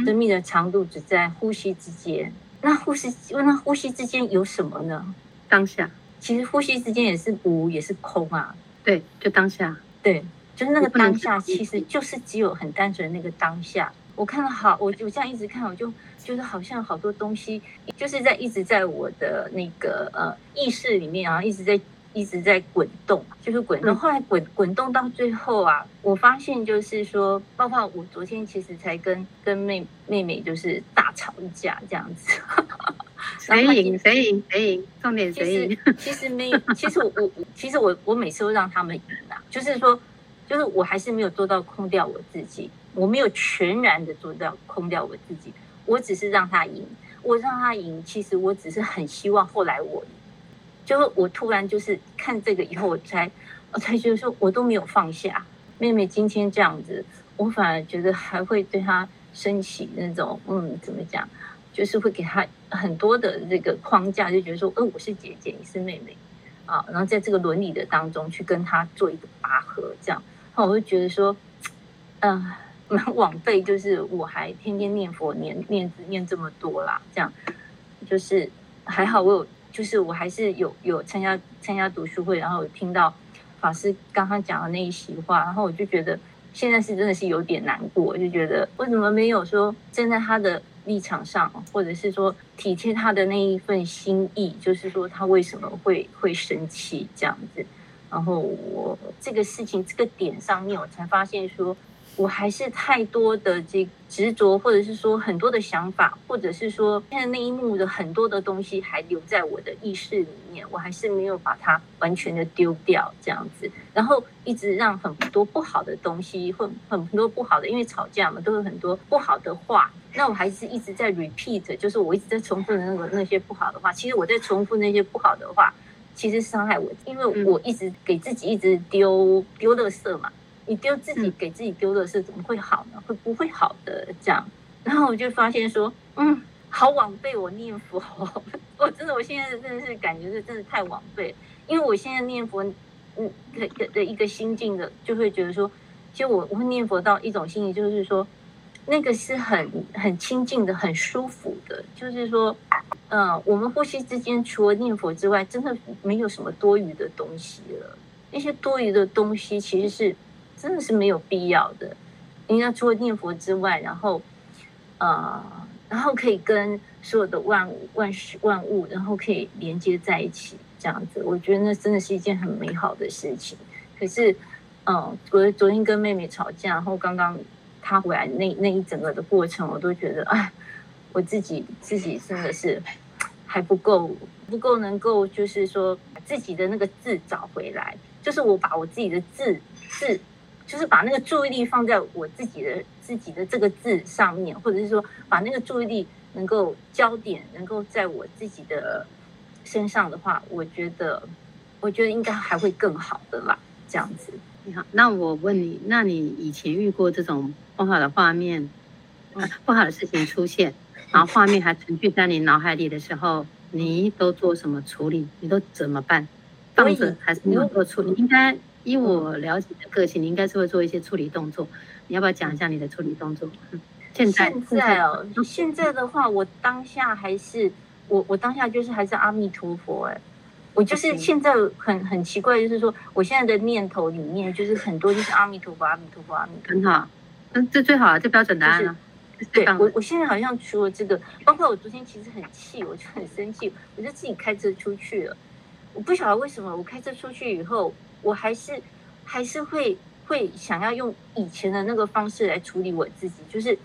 生命的長度只在呼吸之間，嗯。那呼吸，那呼吸之間有什麼呢？當下，其實呼吸之間也是無，也是空啊。對，就當下。對，就是那個當下，其實就是只有很單純的那個當下。我看了好，我我這樣一直看，我就覺得好像好多東西就是在一直在我的那個呃意識裡面啊，一直在一直在滾動，就是滾動。後，後來滾，嗯，滾動到最後啊，我發現就是說，包括我昨天其實才跟跟妹妹妹就是大吵一架這樣子。呵呵誰贏？誰贏？誰贏？重點誰贏？其實沒有，其實我我其實我我每次都讓他們贏啦，就是說，就是我還是沒有做到空掉我自己，我沒有全然的做到空掉我自己，我只是讓他贏，我讓他贏，其實我只是很希望後來我贏，就是我突然就是看這個以後，我才我才覺得說我都沒有放下妹妹今天這樣子，我反而覺得還會對她升起那種嗯怎麼講？就是會給他很多的這個框架，就覺得說，哦、呃，我是姐姐，你是妹妹，啊，然後在這個倫理的當中去跟他做一個拔河，這樣，那我就覺得說，嗯、呃，蠻枉費，就是我還天天念佛念、念念念這麼多啦，這樣，就是還好我有，就是我還是有有參加參加讀書會，然後我聽到法師剛剛講的那一席話，然後我就覺得現在是真的是有點難過，我就覺得為什麼沒有說站在他的。立場上，或者是說體貼他的那一份心意，就是說他為什麼會會生氣這樣子。然後我這個事情這個點上面，我才發現說。我還是太多的這執着，或者是說很多的想法，或者是說現在那一幕的很多的東西還留在我的意識裡面，我還是沒有把它完全的丟掉，這樣子，然後一直讓很多不好的東西，或很多不好的，因為吵架嘛，都有很多不好的話，那我還是一直在 repeat，就是我一直在重複的那個那些不好的話。其實我在重複那些不好的話，其實傷害我，因為我一直給自己一直丟丟垃圾嘛。你丟自己給自己丟的是怎麼會好呢？嗯、會不會好的這樣？然後我就發現說，嗯，好枉費我念佛， 我真的我現在真的是感覺是真的太枉費，因為我現在念佛，嗯，的的一個心境的，就會覺得說，其實我我會念佛到一種心境，就是說，那個是很很清淨的，很舒服的，就是說，嗯、呃，我們呼吸之間，除了念佛之外，真的沒有什麼多餘的東西了，那些多餘的東西其實是。真的是沒有必要的。因為除了念佛之外，然後，呃，然後可以跟所有的萬物萬事萬物，然後可以連接在一起，這樣子，我覺得那真的是一件很美好的事情。可是，嗯、呃，我昨天跟妹妹吵架，然後剛剛她回來那那一整個的過程，我都覺得，哎、啊，我自己自己真的是還不夠，不夠能夠就是說把自己的那個字找回來，就是我把我自己的字字。就是把那個注意力放在我自己的自己的這個字上面，或者是說把那個注意力能夠焦點能夠在我自己的身上的話，我覺得我覺得應該還會更好的啦。這樣子，你好，那我問你，那你以前遇過這種不好的畫面、不好的事情出現，然後畫面還存續在你腦海裡的時候，你都做什麼處理？你都怎麼辦？當時還是沒有做處理？應該。依我了解的個性，你應該是會做一些處理動作。你要不要講一下你的處理動作？嗯、現在現在哦、啊，嗯、現在的話，我當下還是我我當下就是還是阿彌陀佛哎、欸，我就是現在很很奇怪，就是說我現在的念頭裡面就是很多就是阿彌陀佛阿彌陀佛阿彌陀佛。很好，嗯，這最好啊，這標準答案呢、啊就是、對，我我現在好像除了這個，包括我昨天其實很氣，我就很生氣，我就自己開車出去了。我不曉得為什麼，我開車出去以後。我還是還是會會想要用以前的那個方式來處理我自己，就是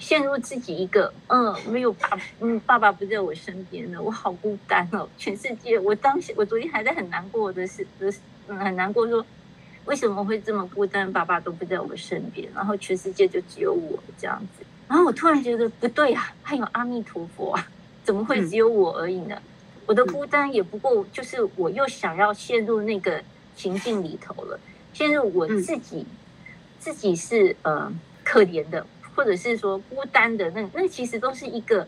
陷入自己一個嗯，沒有爸，嗯，爸爸不在我身邊的，我好孤單哦。全世界，我當時我昨天還在很難過的是不是，很難過，說為什麼會這麼孤單？爸爸都不在我身邊，然後全世界就只有我這樣子。然後我突然覺得不對啊，還有阿彌陀佛啊，怎麼會只有我而已呢？嗯，我的孤單也不過就是我又想要陷入那個。情境裡頭了，現在我自己、嗯、自己是呃可憐的，或者是說孤單的，那那其實都是一個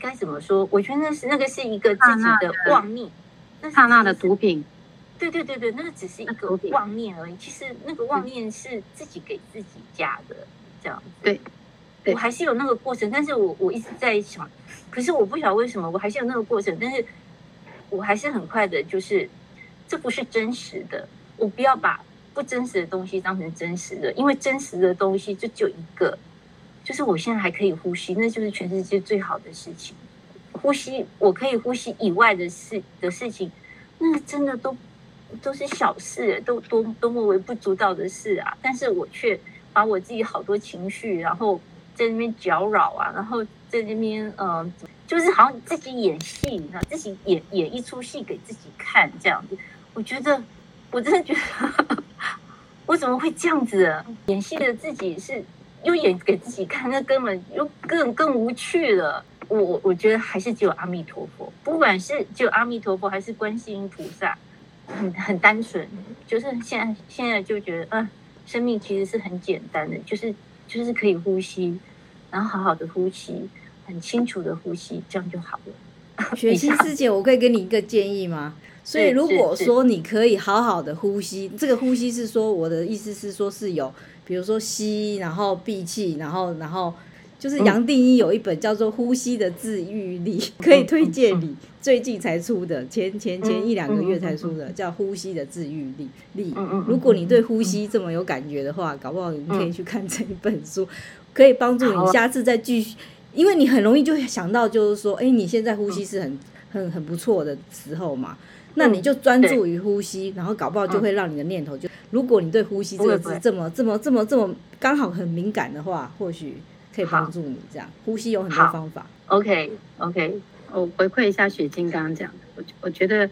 該怎麼說？我覺得那是那個是一個自己的妄念，那是剎那的毒品。對對對對，那個只是一個妄念而已、嗯。其實那個妄念是自己給自己加的這樣子對。對，我還是有那個過程，但是我我一直在想，可是我不曉得為什麼，我還是有那個過程，但是我還是很快的，就是。這不是真實的，我不要把不真實的東西當成真實的，因為真實的東西就只有一個，就是我現在還可以呼吸，那就是全世界最好的事情。呼吸，我可以呼吸以外的事的事情，那真的都都是小事，都多多麼微不足道的事啊！但是我卻把我自己好多情緒，然後在那邊攪擾啊，然後在那邊嗯、呃，就是好像自己演戲，自己演演一出戲給自己看這樣子。我覺得，我真的覺得，呵呵我怎麼會這樣子啊？演戲的自己是又演給自己看，那根本又更更無趣了。我我覺得還是只有阿彌陀佛，不管是只有阿彌陀佛，還是觀世音菩薩，很很單純，就是現在現在就覺得，嗯、呃，生命其實是很簡單的，就是就是可以呼吸，然後好好的呼吸，很清楚的呼吸，這樣就好了。雪清師姐，我可以給你一個建議嗎？所以，如果說你可以好好的呼吸，這個呼吸是說，我的意思是說是有，比如說吸，然後閉氣，然後然後就是楊定一有一本叫做《呼吸的治愈力》，可以推薦你，最近才出的，前前前一兩個月才出的，叫《呼吸的治愈力力》。如果你對呼吸這麼有感覺的話，搞不好你可以去看這一本書，可以幫助你下次再繼續，因為你很容易就會想到就是說，哎，你現在呼吸是很很很不錯的時候嘛。嗯、那你就專注於呼吸，然後搞不好就會讓你的念頭就。嗯、如果你對呼吸這個字這麼、okay. 這麼這麼這麼剛好很敏感的話，或許可以幫助你這樣。呼吸有很多方法。OK OK，我回饋一下雪晶剛剛講的。我我覺得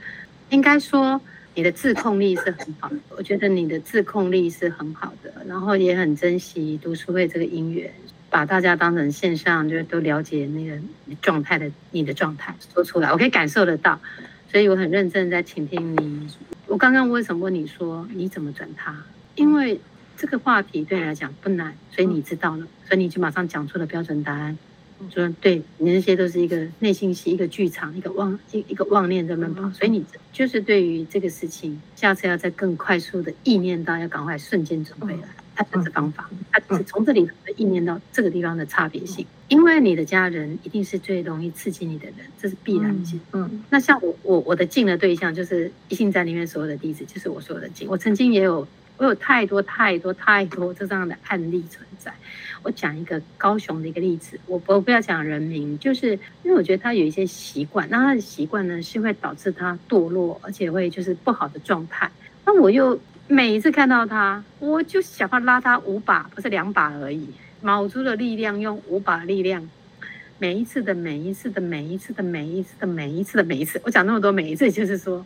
應該說，你的自控力是很好的。我覺得你的自控力是很好的，然後也很珍惜讀書會這個因緣，把大家當成線上，就都了解那個狀態的你的狀態說出來，我可以感受得到。所以我很認真在傾聽你。我剛剛為什麼問你說你怎麼轉他？因為這個話題對你來講不難，所以你知道了，所以你就馬上講出了標準答案。就說對你那些都是一個內心戲，一個劇場，一個妄一個妄念在奔跑。所以你就是對於這個事情，下次要再更快速的意念當要趕快瞬間準備了。他的方法，他、嗯、從、嗯嗯啊、這裡意念到這個地方的差別性、嗯嗯，因為你的家人一定是最容易刺激你的人，這是必然性、嗯嗯。嗯，那像我，我我的近的對象就是一心在裡面所有的弟子，就是我所有的近。我曾經也有，我有太多太多太多這這樣的案例存在。我講一個高雄的一個例子，我我不要講人名，就是因為我覺得他有一些習慣，那他的習慣呢是會導致他墮落，而且會就是不好的狀態。那我又。每一次看到他，我就想要拉他五把，不是兩把而已，卯足了力量，用五把力量。每一次的每一次的每一次的每一次的每一次的每一次，我講那麼多每一次，就是說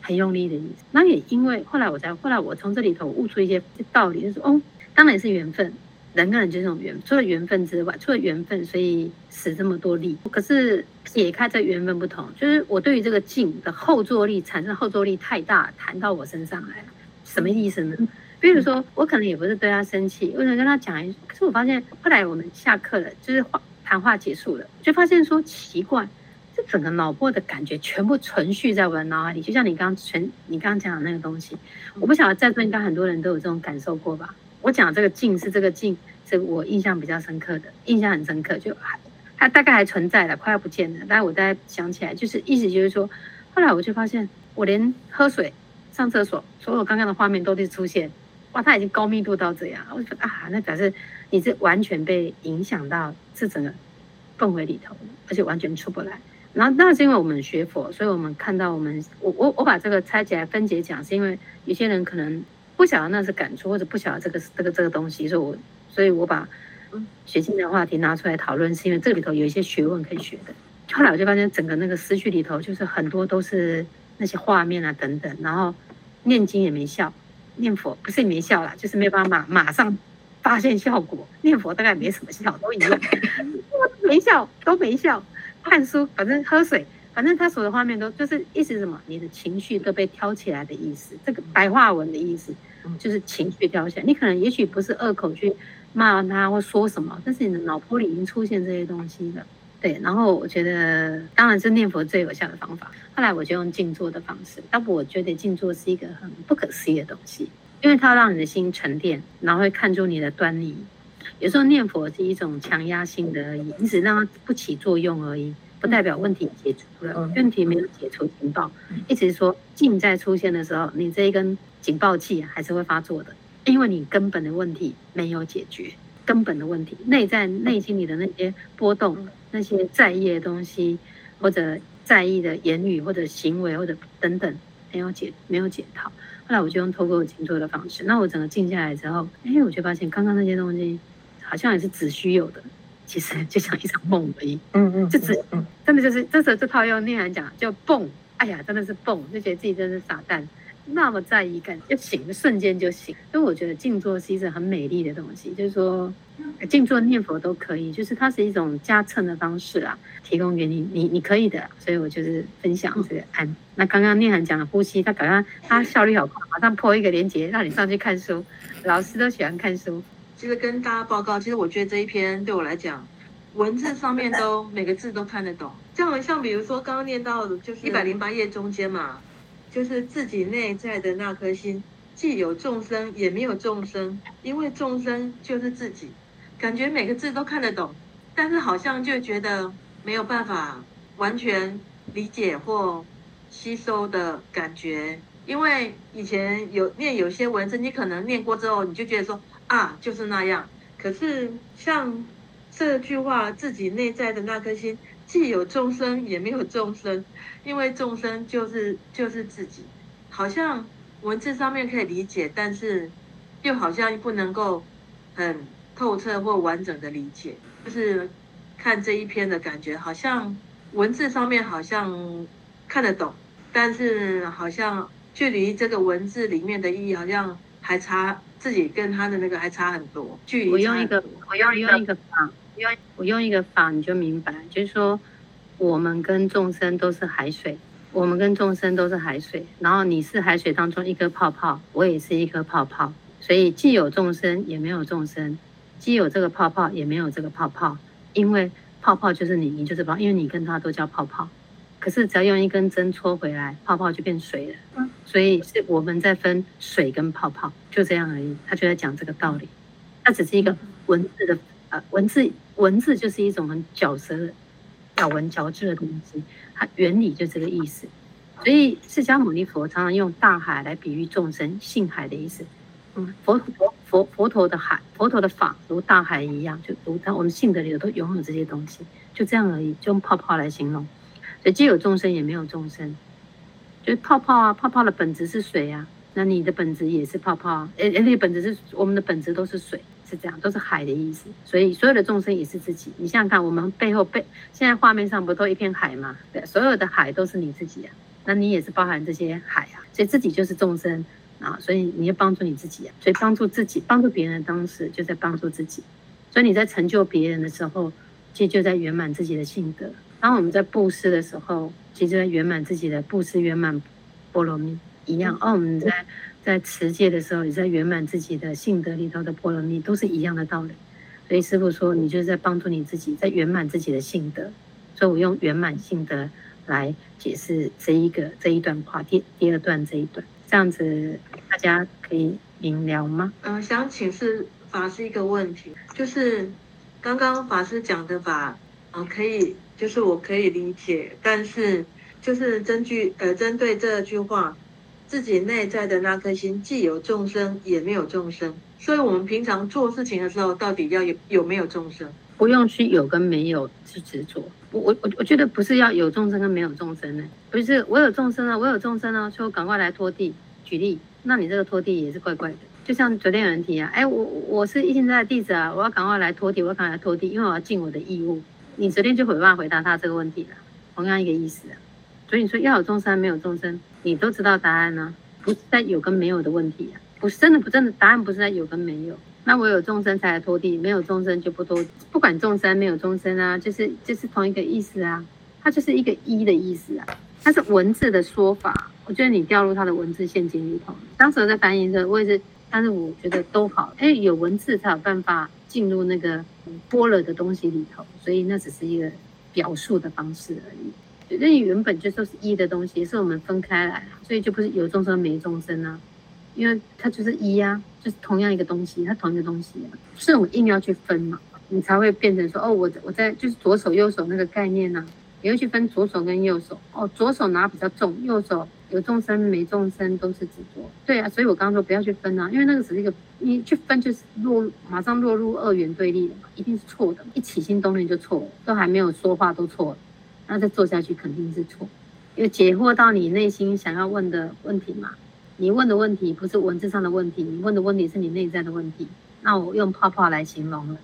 很用力的意思。那也因為後來我才，後來我從這裡頭悟出一些道理，就是說哦，當然是緣分，人跟人就是種緣分。除了緣分之外，除了緣分，所以使這麼多力。可是撇開這個緣分不同，就是我對於這個勁的後坐力產生的後坐力太大，彈到我身上來了。什麼意思呢？比如說，我可能也不是對他生氣，我、嗯、想跟他講一句。可是我發現後來我們下課了，就是話談話結束了，就發現說奇怪，這整個腦波的感覺全部存續在我的腦海裡，就像你剛剛全你剛剛講的那個東西。嗯、我不曉得在座應該很多人都有這種感受過吧？我講這個靜是這個靜，是我印象比較深刻的，印象很深刻，就還它大概還存在的，快要不見了。但是我在想起來，就是意思就是說，後來我就發現，我連喝水。上廁所，所有剛剛的畫面都得出現，哇，他已經高密度到這樣，我就說啊，那表示你是完全被影響到這整個氛圍裡頭，而且完全出不來。然後那是因為我們學佛，所以我們看到我們，我我我把這個拆起來分解講，是因為有些人可能不曉得那是感觸，或者不曉得這個這個這個東西，所以我所以我把學經的話題拿出來討論，是因為這裡頭有一些學問可以學的。後來我就發現，整個那個思緒裡頭，就是很多都是，那些畫面啊，等等，然後念經也沒效，念佛不是也沒效啦，就是沒辦法馬上發現效果。念佛大概沒什麼效，都一樣， 沒效都沒效，看書，反正喝水，反正他所有的畫面都就是意思是什麼，你的情緒都被挑起來的意思。這個白話文的意思就是情緒挑起來。你可能也許不是惡口去罵他、啊、或說什麼，但是你的腦波裡已經出現這些東西了。對，然後我覺得當然是念佛最有效的方法。後來我就用靜坐的方式，但我覺得靜坐是一個很不可思議的東西，因為它讓你的心沉澱，然後會看出你的端倪。有時候念佛是一種強壓性的而已，你只讓它不起作用而已，不代表問題解除了，問題沒有解除警報。一直說靜在出現的時候，你這一根警報器還是會發作的，因為你根本的問題沒有解決，根本的問題內在內心裡的那些波動。那些在意的東西，或者在意的言語，或者行為，或者等等，沒有解，沒有解套。後來我就用透過靜坐的方式，那我整個靜下來之後，哎、欸，我就發現剛剛那些東西好像也是子虛烏有的，其實就像一場夢而已。嗯嗯，就只，嗯，嗯，嗯，嗯，真的就是，這時候就套用內涵講，就蹦，哎呀，真的是蹦，就覺得自己真的是傻蛋，那麼在意感，覺就醒，瞬間就醒。所以我覺得靜坐是一種很美麗的東西，就是說。靜坐念佛都可以，就是它是一種加乘的方式啊，提供給你，你你可以的。所以我就是分享這個案、嗯。那剛剛念涵講的呼吸，他感覺他效率好快，馬上破一個連接讓你上去看書。老師都喜歡看書。其實跟大家報告，其實我覺得這一篇對我來講，文字上面都每個字都看得懂。就 好像比如說剛剛念到，就是一百零八頁中間嘛，就是自己內在的那顆心，既有眾生，也沒有眾生，因為眾生就是自己。感覺每個字都看得懂，但是好像就覺得沒有辦法完全理解或吸收的感覺。因為以前有念有些文字，你可能念過之後，你就覺得說啊，就是那樣。可是像這句話，自己內在的那顆心，既有眾生，也沒有眾生，因為眾生就是就是自己。好像文字上面可以理解，但是又好像不能夠很。嗯透徹或完整的理解，就是看這一篇的感覺，好像文字上面好像看得懂，但是好像距離這個文字裡面的意義好像還差，自己跟他的那個還差很多距離。我用一個，我用用一個法，用、嗯、我用一個法你就明白，就是說我們跟眾生都是海水，我們跟眾生都是海水，然後你是海水當中一顆泡泡，我也是一顆泡泡，所以既有眾生也沒有眾生。既有這個泡泡，也沒有這個泡泡，因為泡泡就是你，你就是泡，因為你跟他都叫泡泡。可是只要用一根針戳回來，泡泡就變水了。所以是我們在分水跟泡泡，就這樣而已。他就在講這個道理。它只是一個文字的啊，文字文字就是一種很絞舌的咬文嚼字的東西。它原理就這個意思。所以釋迦牟尼佛常常用大海來比喻眾生，信海的意思。嗯，佛陀。佛陀的海，佛陀的法如大海一樣，就如在我們性格裡都擁有這些東西，就這樣而已。就用泡泡來形容，所以既有眾生，也沒有眾生。就泡泡啊，泡泡的本質是水啊，那你的本質也是泡泡啊，哎哎，本質是我們的本質都是水，是這樣，都是海的意思。所以所有的眾生也是自己。你想想看，我們背後背，現在畫面上不都一片海嗎？對，所有的海都是你自己啊，那你也是包含這些海啊，所以自己就是眾生。啊，所以你要幫助你自己啊，所以幫助自己，幫助別人的同時就在幫助自己。所以你在成就別人的時候，其實就在圓滿自己的性德。當我們在布施的時候，其實就在圓滿自己的布施圓滿波羅蜜一樣。哦，我們在在持戒的時候，也在圓滿自己的性德裡頭的波羅蜜，都是一樣的道理。所以師父說，你就是在幫助你自己，在圓滿自己的性德。所以我用圓滿性德來解釋這一個這一段話，第第二段這一段。這樣子大家可以明了嗎？嗯、呃，想請示法師一個問題，就是剛剛法師講的法，啊、呃，可以，就是我可以理解，但是就是針據呃，針對這句話，自己內在的那顆心既有眾生，也沒有眾生，所以我們平常做事情的時候，到底要有有沒有眾生？不用去有跟沒有去執着，我我我覺得不是要有眾生跟沒有眾生呢、欸，不是我有眾生啊，我有眾生啊，所以我趕快來拖地。舉例，那你這個拖地也是怪怪的。就像昨天有人提啊，哎、欸、我我是一心在的地址啊，我要趕快來拖地，我要趕快來拖地，因為我要盡我的義務。你昨天就回話回答他這個問題了，同樣一個意思啊。所以你說要有眾生還沒有眾生，你都知道答案呢、啊，不是在有跟沒有的問題啊，不是真的不真的答案不是在有跟沒有。那我有眾生才來拖地，沒有眾生就不拖地。不管眾生沒有眾生啊，就是就是同一個意思啊。它就是一個一的意思啊。它是文字的說法，我覺得你掉入它的文字陷阱裡頭。當時我在翻譯的時候，我也是，但是我覺得都好，因為有文字才有辦法進入那個波了的東西裡頭，所以那只是一個表述的方式而已。就因為原本就說是一的東西，也是我們分開來，所以就不是有眾生沒眾生啊。因為它就是一呀、啊，就是同樣一個東西，它同一個東西、啊，是我硬要去分嘛，你才會變成說哦，我我在就是左手右手那個概念啊，也會去分左手跟右手哦，左手拿比較重，右手有眾生沒眾生都是執着，對啊，所以我剛剛說不要去分啊，因為那個只是一個，你去分就是落馬上落入二元對立了嘛，一定是錯的，一起心動念就錯了，都還沒有說話都錯了，那再做下去肯定是錯，因為解惑到你內心想要問的問題嘛。你問的問題不是文字上的問題，你問的問題是你內在的問題。那我用泡泡來形容了，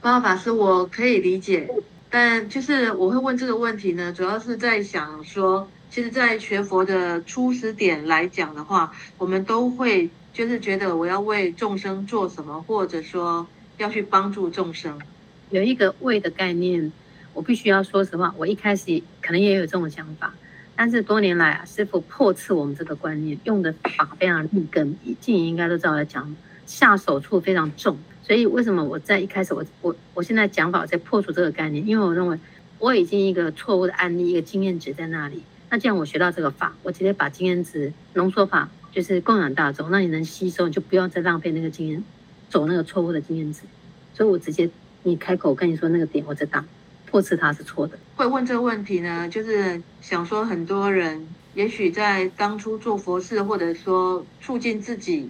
泡泡法師，我可以理解，但就是我會問這個問題呢，主要是在想說，其實，在學佛的初始點來講的話，我們都會就是覺得我要為眾生做什麼，或者說要去幫助眾生，有一個為的概念。我必須要說實話，我一開始可能也有這種想法。但是多年來啊，師傅破斥我們這個觀念用的法非常立根，靜怡應該都知道，我來講，下手處非常重。所以為什麼我在一開始我，我我我現在講法在破除這個概念？因為我認為我已經一個錯誤的案例，一個經驗值在那裡。那既然我學到這個法，我直接把經驗值濃縮法，就是供養大眾，讓你能吸收，就不要再浪費那個經驗，走那個錯誤的經驗值。所以我直接你開口跟你說那個點我知道，我在講。破斥他是錯的。會問這個問題呢，就是想說，很多人也許在當初做佛事，或者說促進自己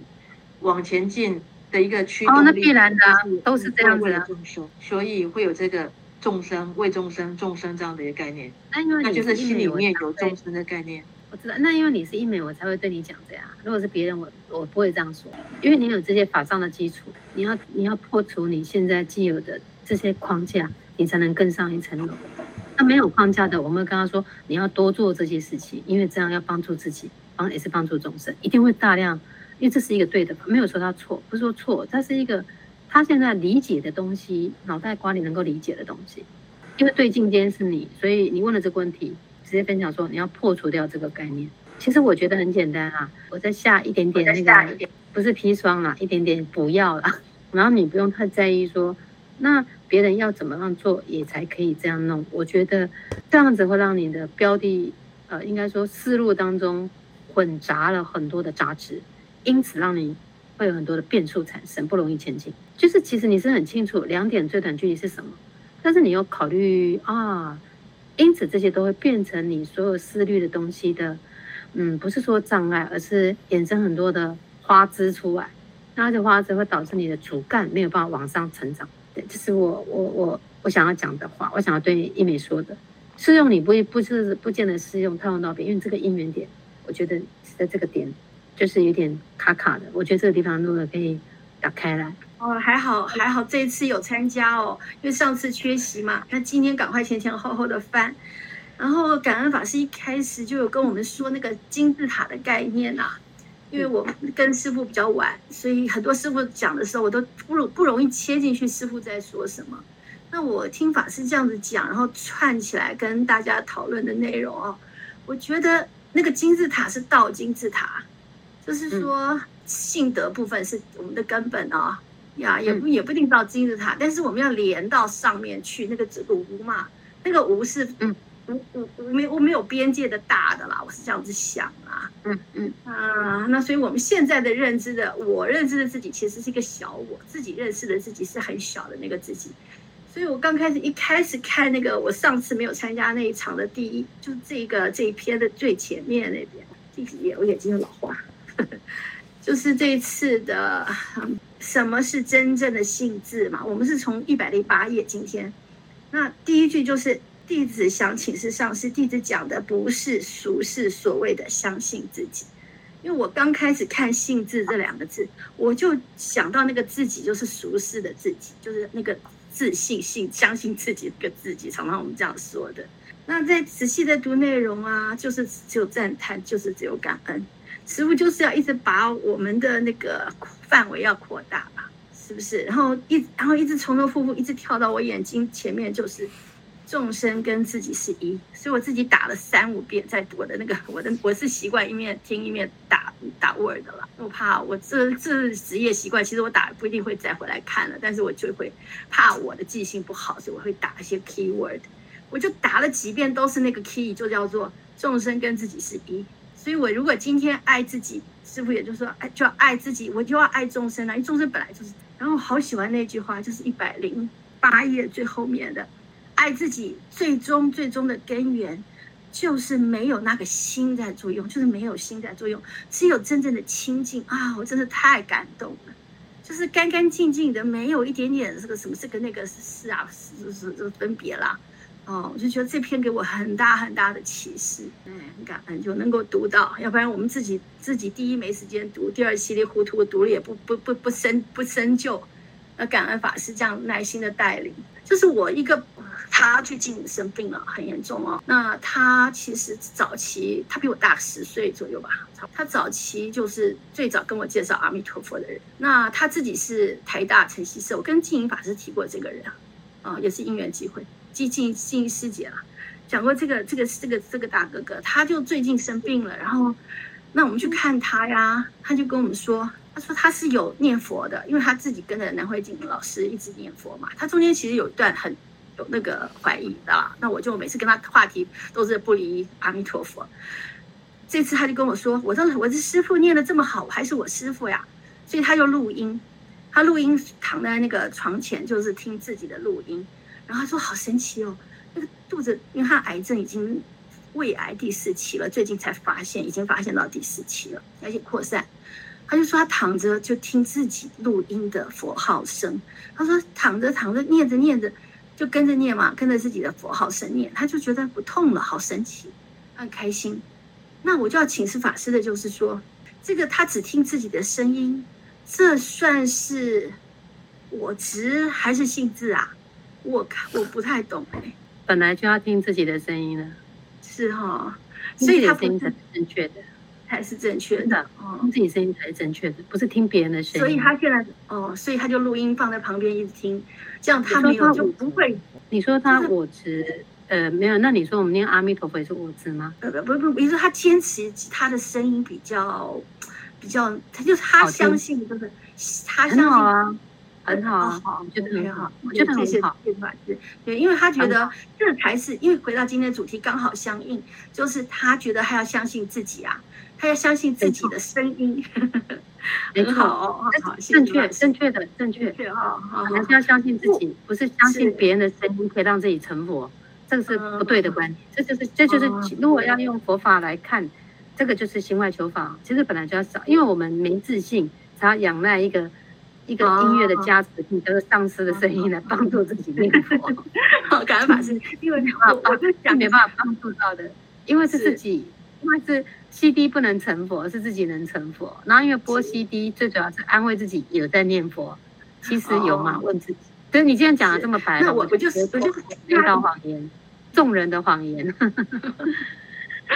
往前進的一個驅動力，哦、那必然的，啊、都是這樣。為了眾生，所以會有這個眾生為眾生、眾生這樣的一個概念。那因為你那就是心裡面有眾生的概念我，我知道。那因為你是醫美，我才會對你講這樣。如果是別人我，我我不會這樣說。因為你有這些法上的基礎，你要你要破除你現在既有的這些框架。你才能更上一層樓。那沒有框架的，我們剛剛說，你要多做這些事情，因為這樣要幫助自己，幫也是幫助眾生，一定會大量。因為這是一個對的吧？沒有說他錯，不是說錯，他是一個他現在理解的東西，腦袋瓜裡能夠理解的東西。因為對境間是你，所以你問了這個問題，直接分享說你要破除掉這個概念。其實我覺得很簡單啊，我，再下一點點下我在下一點點那個，不是砒霜啦，一點點補藥啦，然後你不用太在意說。那別人要怎麼樣做也才可以這樣弄？我覺得這樣子會讓你的標的，呃，應該說思路當中混雜了很多的雜質，因此讓你會有很多的變數產生，不容易前進。就是其實你是很清楚兩點最短距離是什麼，但是你要考慮啊，因此這些都會變成你所有思慮的東西的，嗯，不是說障礙，而是衍生很多的花枝出來，那這花枝會導致你的主幹沒有辦法往上成長。對，這是我我我我想要講的話，我想要對一美說的，適用你不不是不見得適用套用到別，因為這個因緣點，我覺得是在這個點，就是有點卡卡的，我覺得這個地方如果可以打開來。哦，還好還好，這一次有參加哦，因為上次缺席嘛，那今天趕快前前後後的翻，然後感恩法師一開始就有跟我們說那個金字塔的概念啊。因為我跟師傅比較晚，所以很多師傅講的時候，我都不不容易切進去師傅在說什麼。那我聽法師這樣子講，然後串起來跟大家討論的內容哦，我覺得那個金字塔是倒金字塔，就是說性德部分是我們的根本啊、哦。呀、嗯，也不也不一定倒金字塔，但是我們要連到上面去那個這個無嘛，那個無是嗯。我我沒我沒有邊界的大的啦，我是這樣子想啦，嗯嗯啊，那所以我們現在的認知的，我認知的自己其實是一個小我，自己認識的自己是很小的那個自己，所以我剛開始一開始看那個，我上次沒有參加那一場的第一，就這個這一篇的最前面那邊第幾頁，我眼睛都老花，就是這一次的、嗯、什麼是真正的信自嘛？我們是從一百零八頁今天，那第一句就是。弟子想請示上師，弟子講的不是俗世所謂的相信自己，因為我剛開始看「信自」這兩個字，我就想到那個自己就是俗世的自己，就是那個自信心、相信自己的自己，常常我們這樣說的。那在仔細的讀內容啊，就是只有讚歎，就是只有感恩。師父就是要一直把我們的那個範圍要擴大吧，是不是？然後一然後一直重重覆覆，一直跳到我眼睛前面就是。眾生跟自己是一，所以我自己打了三五遍，在我的那個我的我是習慣一面聽一面打打 word 的了。我怕我這這職業習慣，其實我打不一定會再回來看了，但是我就會怕我的記性不好，所以我會打一些 keyword。我就打了幾遍，都是那個 key，就叫做眾生跟自己是一。所以我如果今天愛自己，師傅也就說，哎，就要愛自己，我就要愛眾生啊，因為眾生本來就是。然後我好喜歡那句話，就是一百零八頁最後面的。愛自己最終最終的根源，就是沒有那個心在作用，就是沒有心在作用。只有真正的清淨啊，我真的太感動了，就是干干淨淨的，沒有一點點這個什麼是、這個那個是啊，是是這個分別啦。哦，我就覺得這篇給我很大很大的啟示，哎，很感恩，就能夠讀到，要不然我們自己自己第一沒時間讀，第二稀里糊塗讀了也不不不不深不深究。感恩法師這樣耐心的帶領，就是我一個他最近生病了，很嚴重哦。那他其實早期他比我大十歲左右吧，他早期就是最早跟我介紹阿彌陀佛的人。那他自己是台大晨曦社，我跟靜怡法師提過這個人啊、呃，也是因緣機會，寂靜靜怡師姐啦，講過這個這個這個這個大哥哥，他就最近生病了，然後那我們去看他呀，他就跟我們說。他說他是有念佛的，因為他自己跟着南懷瑾老師一直念佛嘛。他中間其實有一段很有那個懷疑的，那我就每次跟他話題都是不離阿彌陀佛。這次他就跟我說：“我說我這師父念的這麼好，還是我師父呀？”所以他就錄音，他錄音躺在那個床前就是聽自己的錄音，然後他說：“好神奇哦，那個肚子，因為他癌症已經胃癌第四期了，最近才發現，已經發現到第四期了，而且擴散。”他就說他躺着就聽自己錄音的佛號聲。他說躺着躺着念着念着就跟着念嘛，跟着自己的佛號聲念。他就覺得不痛了，好神奇，他很開心。那我就要請示法師的，就是說這個他只聽自己的聲音，這算是我執還是信自啊？我我不太懂哎、欸。本來就要聽自己的聲音了，是哈、哦，所以他不正確的。才是正確的哦，的自己聲音才是正確的，不是聽別人的聲音。所以他現在哦，所以他就錄音放在旁邊一直聽，這樣他沒有他就不會。你說他我執、就是、呃沒有？那你說我們念阿彌陀佛也是我執嗎？呃不不不，不不比如說他堅持他的聲音比較比較，他就是他相信，就是他相信啊,、嗯、啊，很好啊，我覺得很好，我覺得很好，對，因為他覺得這才是、嗯，因為回到今天的主題剛好相應，就是他覺得他要相信自己啊。他要相信自己的聲音的，很好、哦，好，好，好謝謝，正確，正確的，正確，哈，還、啊、是要相信自己，哦、不是相信別人的聲音可以讓自己成佛，這個是不對的觀點、嗯，這就是，嗯、這就是、嗯，如果要用佛法來看，嗯、這個就是心外求法、嗯，其實本來就要少，因為我們沒自信，才、嗯、要仰賴一個一個音樂的加持，族、嗯，一個上師的聲音來幫助自己念佛，好辦法是， 因為沒辦法，沒辦法幫助到的，因為是自己，因為是。CD 不能成佛，是自己能成佛。然後因為播 CD 最主要是安慰自己有在念佛，其實有嘛？哦，問自己。所以你今天講的這麼白，是我，那我就不就就是一道謊言，眾人的謊言。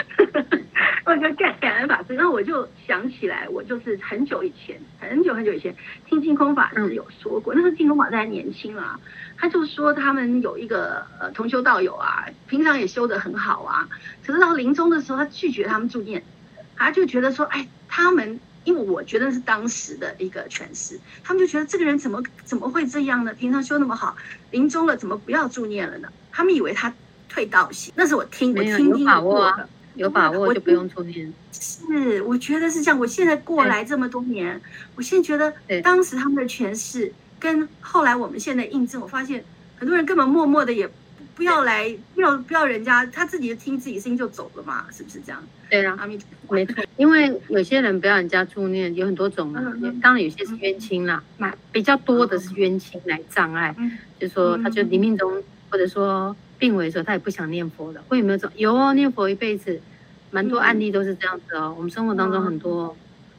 我就感感恩法師，那我就想起來，我就是很久以前，很久很久以前聽淨空法師有說過，嗯、那時候淨空法師還年輕啊，他就說他們有一個呃同修道友啊，平常也修得很好啊，可是到臨終的時候，他拒絕他們助念，他就覺得說，哎，他們，因為我覺得是當時的一個詮釋，他們就覺得這個人怎麼怎麼會這樣呢？平常修那麼好，臨終了怎麼不要助念了呢？他們以為他退道行，那是我聽我聽聽過的、啊。有把握就不用助念、嗯、是，我覺得是這樣。我現在過來這麼多年，欸、我現在覺得，當時他們的詮釋，跟後來我們現在印證，我發現很多人根本默默的也不要來，不要不要人家，他自己就聽自己聲音就走了嘛，是不是這樣？對啊，沒錯。因為有些人不要人家助念，有很多種啊，嗯嗯、當然有些是冤親啦、嗯，比較多的是冤親來障礙、嗯，就是、說他就你命中、嗯、或者說。病危的時候，他也不想念佛的，會有沒有這種？有哦，念佛一輩子，蠻多案例都是這樣子哦。嗯、我們生活當中很多，嗯、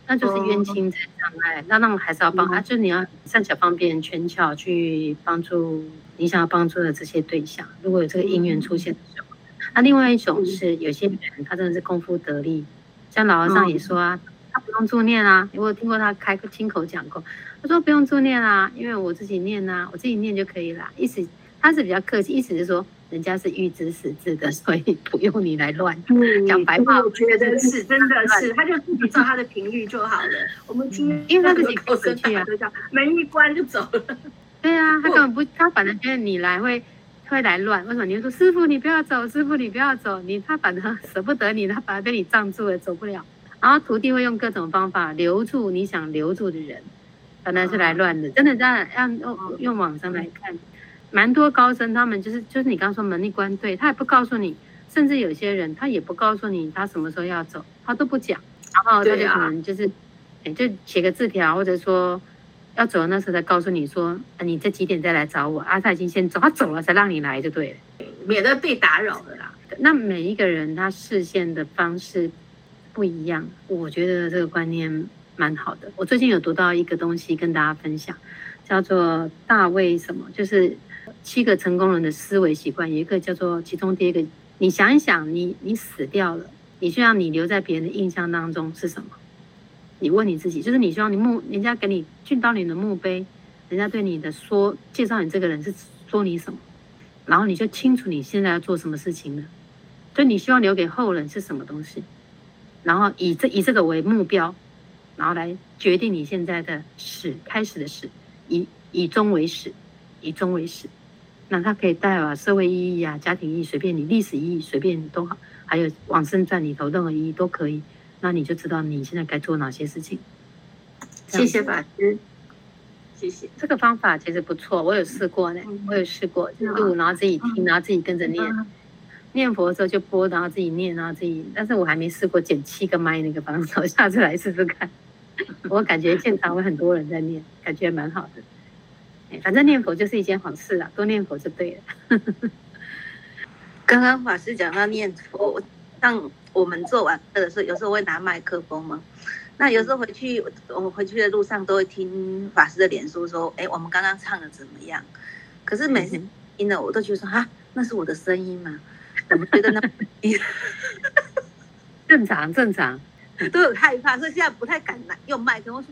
那就是冤親障礙，那那我們還是要幫、嗯、啊，就你要善巧方便、權巧去幫助你想要幫助的這些對象。如果有這個因緣出現，的時候、嗯，那另外一種是、嗯、有些人他真的是功夫得力，像老和尚也說啊、嗯，他不用助念啊。因為我有聽過他開口，親口講過，他說不用助念啊，因為我自己念啊，我自己念就可以啦。意思他是比較客氣，意思是說。人家是預知時至的，所以不用你來亂講、嗯、白話、嗯。我覺得是，是真的是，是他，他就自己照他的頻率就好了。嗯、我們聽，因、嗯、為他自己過生去啊，就門一關就走了。對啊，他根本不，他反正覺得你來會會來亂。為什麼？你說師父，你不要走，師父你不要走，你他反正捨不得你，他反他被你脹住了，走不了。然後徒弟會用各種方法留住你想留住的人，反正是來亂的、啊。真的，這樣，讓用用網上來看。嗯蠻多高僧，他們就是就是你剛，剛說門一關對，他也不告訴你，甚至有些人他也不告訴你他什麼時候要走，他都不講，然後他就可能就是，啊、誒，就寫個字條，或者說要走的那時候再告訴你說、呃，你這幾點再來找我。阿、啊、薩已經先走，他走了才讓你來就對了，免得被打擾了啦。那每一個人他示現的方式不一樣，我覺得這個觀念蠻好的。我最近有讀到一個東西跟大家分享，叫做大衛什麼，就是。七個成功人的思維習慣，有一個叫做其中第一個。你想一想，你你死掉了，你希望你留在別人的印象當中是什麼？你問你自己，就是你希望你墓，人家給你建到你的墓碑，人家對你的說介紹你這個人是說你什麼？然後你就清楚你現在要做什麼事情了。所以你希望留給後人是什麼東西？然後以這以這個為目標，然後來決定你現在的始開始的始，以以終為始，以終為始。以終為始那它可以代表、啊、社會意義啊、家庭意義，隨便你，歷史意義，隨便你都好，還有往生在裡頭任何意義都可以。那你就知道你現在該做哪些事情。謝謝法師、嗯，謝謝。這個方法其實不錯，我有試過呢、欸，我有試過，就錄，然後自己聽，然後自己跟着念、嗯嗯。念佛的時候就播，然後自己念，然後自己。但是我還沒試過剪七個麥那個方式，我下次來試試看。我感覺現場會很多人在念， 感覺蠻好的。反正念佛就是一件好事了，多念佛就對了。 剛剛法師講到念佛，當我們做完的時候，或者是有時候會拿麥克風嘛。那有時候回去，我們回去的路上都會聽法師的臉書說：“哎，我們剛剛唱的怎麼樣？”可是每次聽了，我都覺得說：“哈、啊，那是我的聲音嗎？怎麼覺得那麼 正常，正常，都有害怕，所以現在不太敢拿用麥克風，說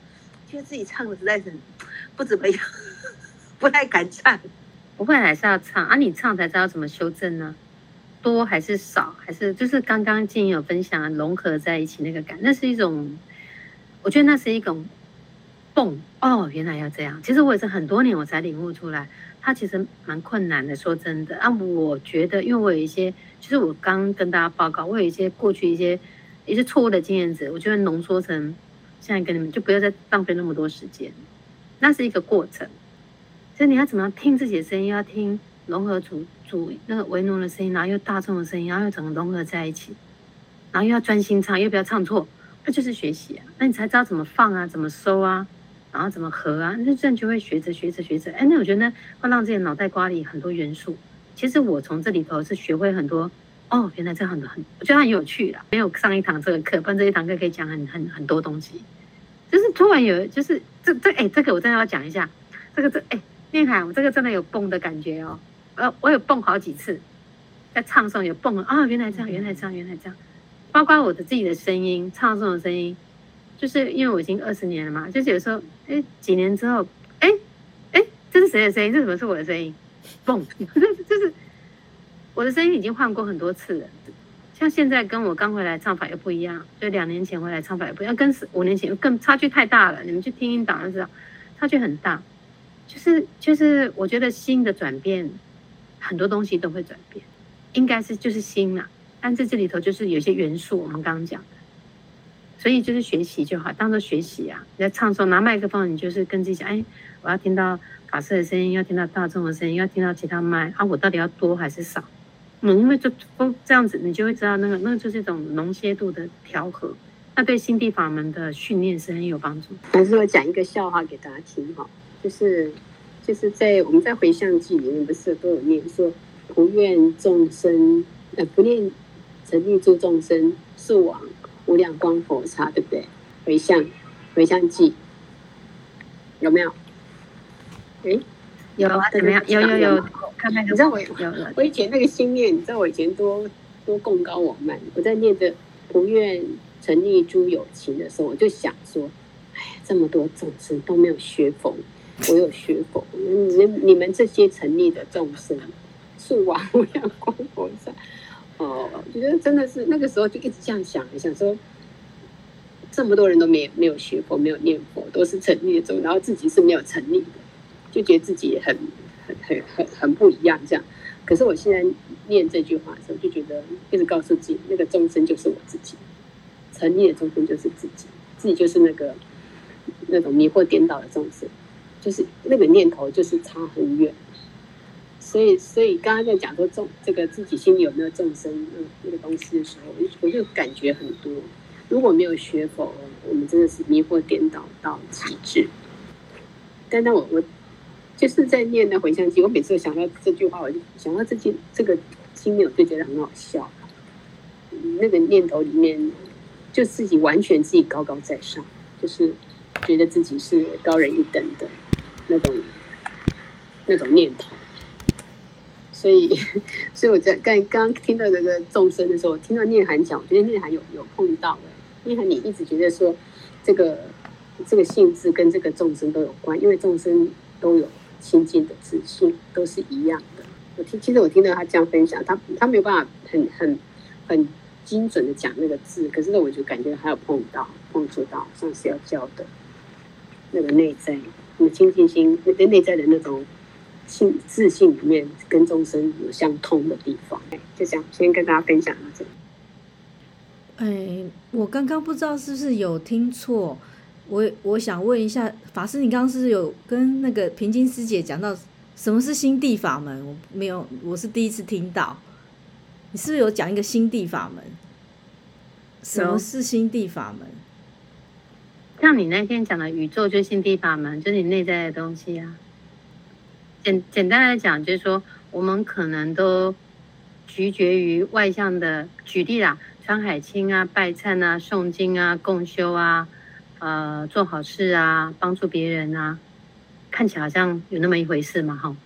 覺得自己唱的實在是不怎麼樣。不太敢唱，不會還是要唱啊？你唱才知道怎麼修正呢？多還是少？還是就是剛剛進有分享，融合在一起那個感，那是一種，我覺得那是一種動。哦，原來要這樣。其實我也是很多年我才領悟出來，它其實蠻困難的。說真的，啊，我覺得因為我有一些，其實我剛跟大家報告，我有一些過去一些一些錯誤的經驗值，我就會濃縮成現在跟你們，就不要再浪費那麼多時間。那是一個過程。所以你要怎麼樣聽自己的聲音？要聽融合主主那個維那的聲音，然後又大眾的聲音，然後又整個融合在一起，然後又要專心唱，又不要唱錯，那就是學習啊！那你才知道怎麼放啊，怎麼收啊，然後怎麼合啊？那就這樣就會學着學着學着，哎，那我覺得呢會讓自己腦袋瓜裡很多元素。其實我從這裡頭是學會很多哦，原來這很很我覺得很有趣啦。沒有上一堂這個課，關這一堂課可以講很很很多東西。就是突然有，就是這這哎，這個我真的要講一下，這個這哎。念凱，我這個真的有蹦的感覺哦，呃，我有蹦好幾次，在唱誦有蹦啊，原來這樣，原來這樣，原來這樣，包括我的自己的聲音，唱誦的聲音，就是因為我已經二十年了嘛，就是有時候，哎，幾年之後，哎，哎，這是誰的聲音？這怎麼是我的聲音？蹦， 就是我的聲音已經換過很多次了，像現在跟我剛回來唱法又不一樣，就兩年前回來唱法也不一樣，跟十五年前更差距太大了。你們去聽音檔就知道，差距很大。就是就是，就是，我覺得心的轉變，很多東西都會轉變，應該是就是心啦，啊，但是這裡頭就是有些元素，我們剛剛講的，所以就是學習就好，當做學習啊。你在唱的時候拿麥克風，你就是跟自己講：哎，我要聽到法師的聲音，要聽到大眾的聲音，要聽到其他麥啊，我到底要多還是少？嗯，因為這不這樣子，你就會知道那個那個就是一種濃切度的調和，那對心地法門的訓練是很有幫助。還是我講一個笑話給大家聽哈。就是就是，在我們在回向偈裡面不是都有念說，普願眾生，呃，普願沉溺諸眾生速往無量光佛剎，對不對？回向，回向偈有沒有？哎、欸啊，有啊？怎麼樣？有有有。看看，你知道我有，我以前那個心念，你知道我以前多多貢高我、啊、慢。我在念着普願沉溺諸有情的時候，我就想說，哎，這麼多眾生都沒有學佛。 我有學過，你、你們這些沉溺的眾生，是王無量光菩薩，哦，我覺得真的是那個時候就一直這樣想，想說這麼多人都沒沒有學過，沒有念佛，都是沉溺的眾，然後自己是沒有沉溺的，就覺得自己很、很、很、很、很不一樣這樣。可是我現在念這句話的時候，就覺得一直告訴自己，那個眾生就是我自己，沉溺的眾生就是自己，自己就是那個那種迷惑顛倒的眾生。就是那個念頭，就是差很遠。所以，所以剛剛在講說眾，這個自己心裡有沒有眾生那個那個東西的時候，我我就感覺很多。如果沒有學佛，我們真的是迷惑顛倒到極致。但當我我就是在念那回向偈，我每次想到這句話，我就想到這件這個心裡，我就覺得很好笑。那個念頭裡面，就自己完全自己高高在上，就是覺得自己是高人一等的。那種那種念頭，所以所以我在剛剛聽到那個眾生的時候，我聽到念寒講，我覺得念寒有有碰到哎，念寒你一直覺得說這個這個性質跟這個眾生都有關，因為眾生都有清淨的自信，都是一樣的。我聽，其實我聽到他這樣分享，他他沒有辦法很很很精準的講那個字，可是呢，我就感覺他有碰到、碰觸到，像是要教的那個內在。有清淨心，內內在的那種性，自信裡面，跟眾生有相通的地方。就這樣，先跟大家分享到這裡。哎，我剛剛不知道是不是有聽錯，我我想問一下法師，你剛剛是不是有跟那個平津師姐講到什麼是心地法門？我沒有，我是第一次聽到，你是不是有講一個心地法門？什麼，什麼是心地法門？像你那天講的宇宙最心地法門，就是你內在的東西啊。簡簡單來講，就是說我們可能都取決於外向的舉例啦，穿海青啊、拜懺啊、誦經啊、共修啊、呃做好事啊、幫助別人啊，看起來好像有那麼一回事嘛，哈。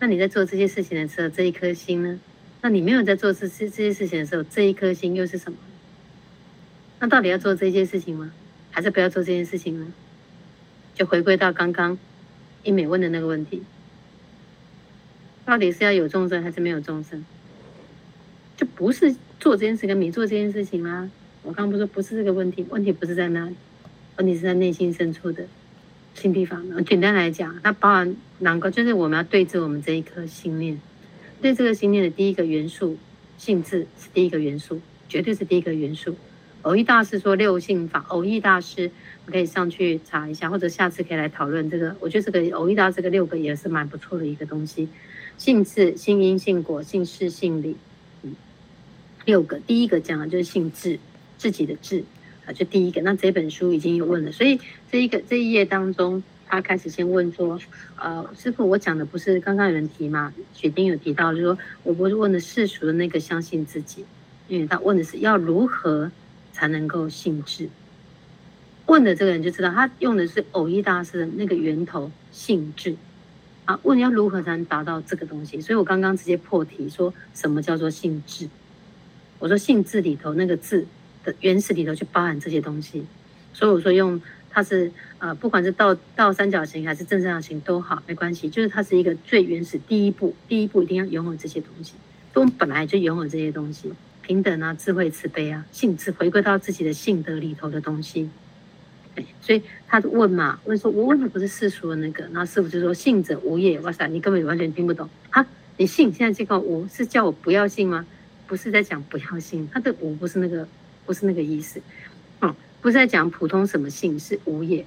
那你在做這些事情的時候，這一顆心呢？那你沒有在做這這些事情的時候，這一顆心又是什麼？那到底要做這些事情嗎？還是不要做這件事情了，就回歸到剛剛一美問的那個問題，到底是要有眾生還是沒有眾生？就不是做這件事跟沒做這件事情啦、啊。我剛剛不說不是這個問題，問題不是在那裡，問題是在內心深處的心地方。簡單來講，那包含兩個，就是我們要對治我們這一顆心念，對這個心念的第一個元素性質是第一個元素，絕對是第一個元素。蕅益大師說六信法，蕅益大師，可以上去查一下，或者下次可以來討論這個。我覺得這個蕅益大師個六個也是蠻不錯的一個東西，信自、信因、信果、信事、信理，嗯，六個。第一個講的就是信自，自己的自，啊，就第一個。那這本書已經有問了，所以這一個這一頁當中，他開始先問說，呃，師父，我講的不是剛剛有人提嘛？雪丁有提到，就是說我不是問的世俗的那個相信自己，因為他問的是要如何。才能夠信自，問的這個人就知道他用的是蕅益大師的那個源頭信自啊，問要如何才能達到這個東西？所以我剛剛直接破題說，什麼叫做信自？我說信自裡頭那個字的原始裡頭就包含這些東西，所以我說用它是啊、呃，不管是倒倒三角形還是正三角形都好沒關係，就是它是一個最原始第一步，第一步一定要擁有這些東西，所以我們本來就擁有這些東西。平等啊，智慧、慈悲啊，信是回歸到自己的性德裡頭的東西。所以他就問嘛，問說“我問的不是世俗的那個？”然後師傅就說：“信者無也。”哇塞，你根本完全聽不懂啊！你信現在這個“無”是叫我不要信嗎？不是在講不要信，他的“無”不是那個，不是那個意思。嗯，不是在講普通什麼信是無也。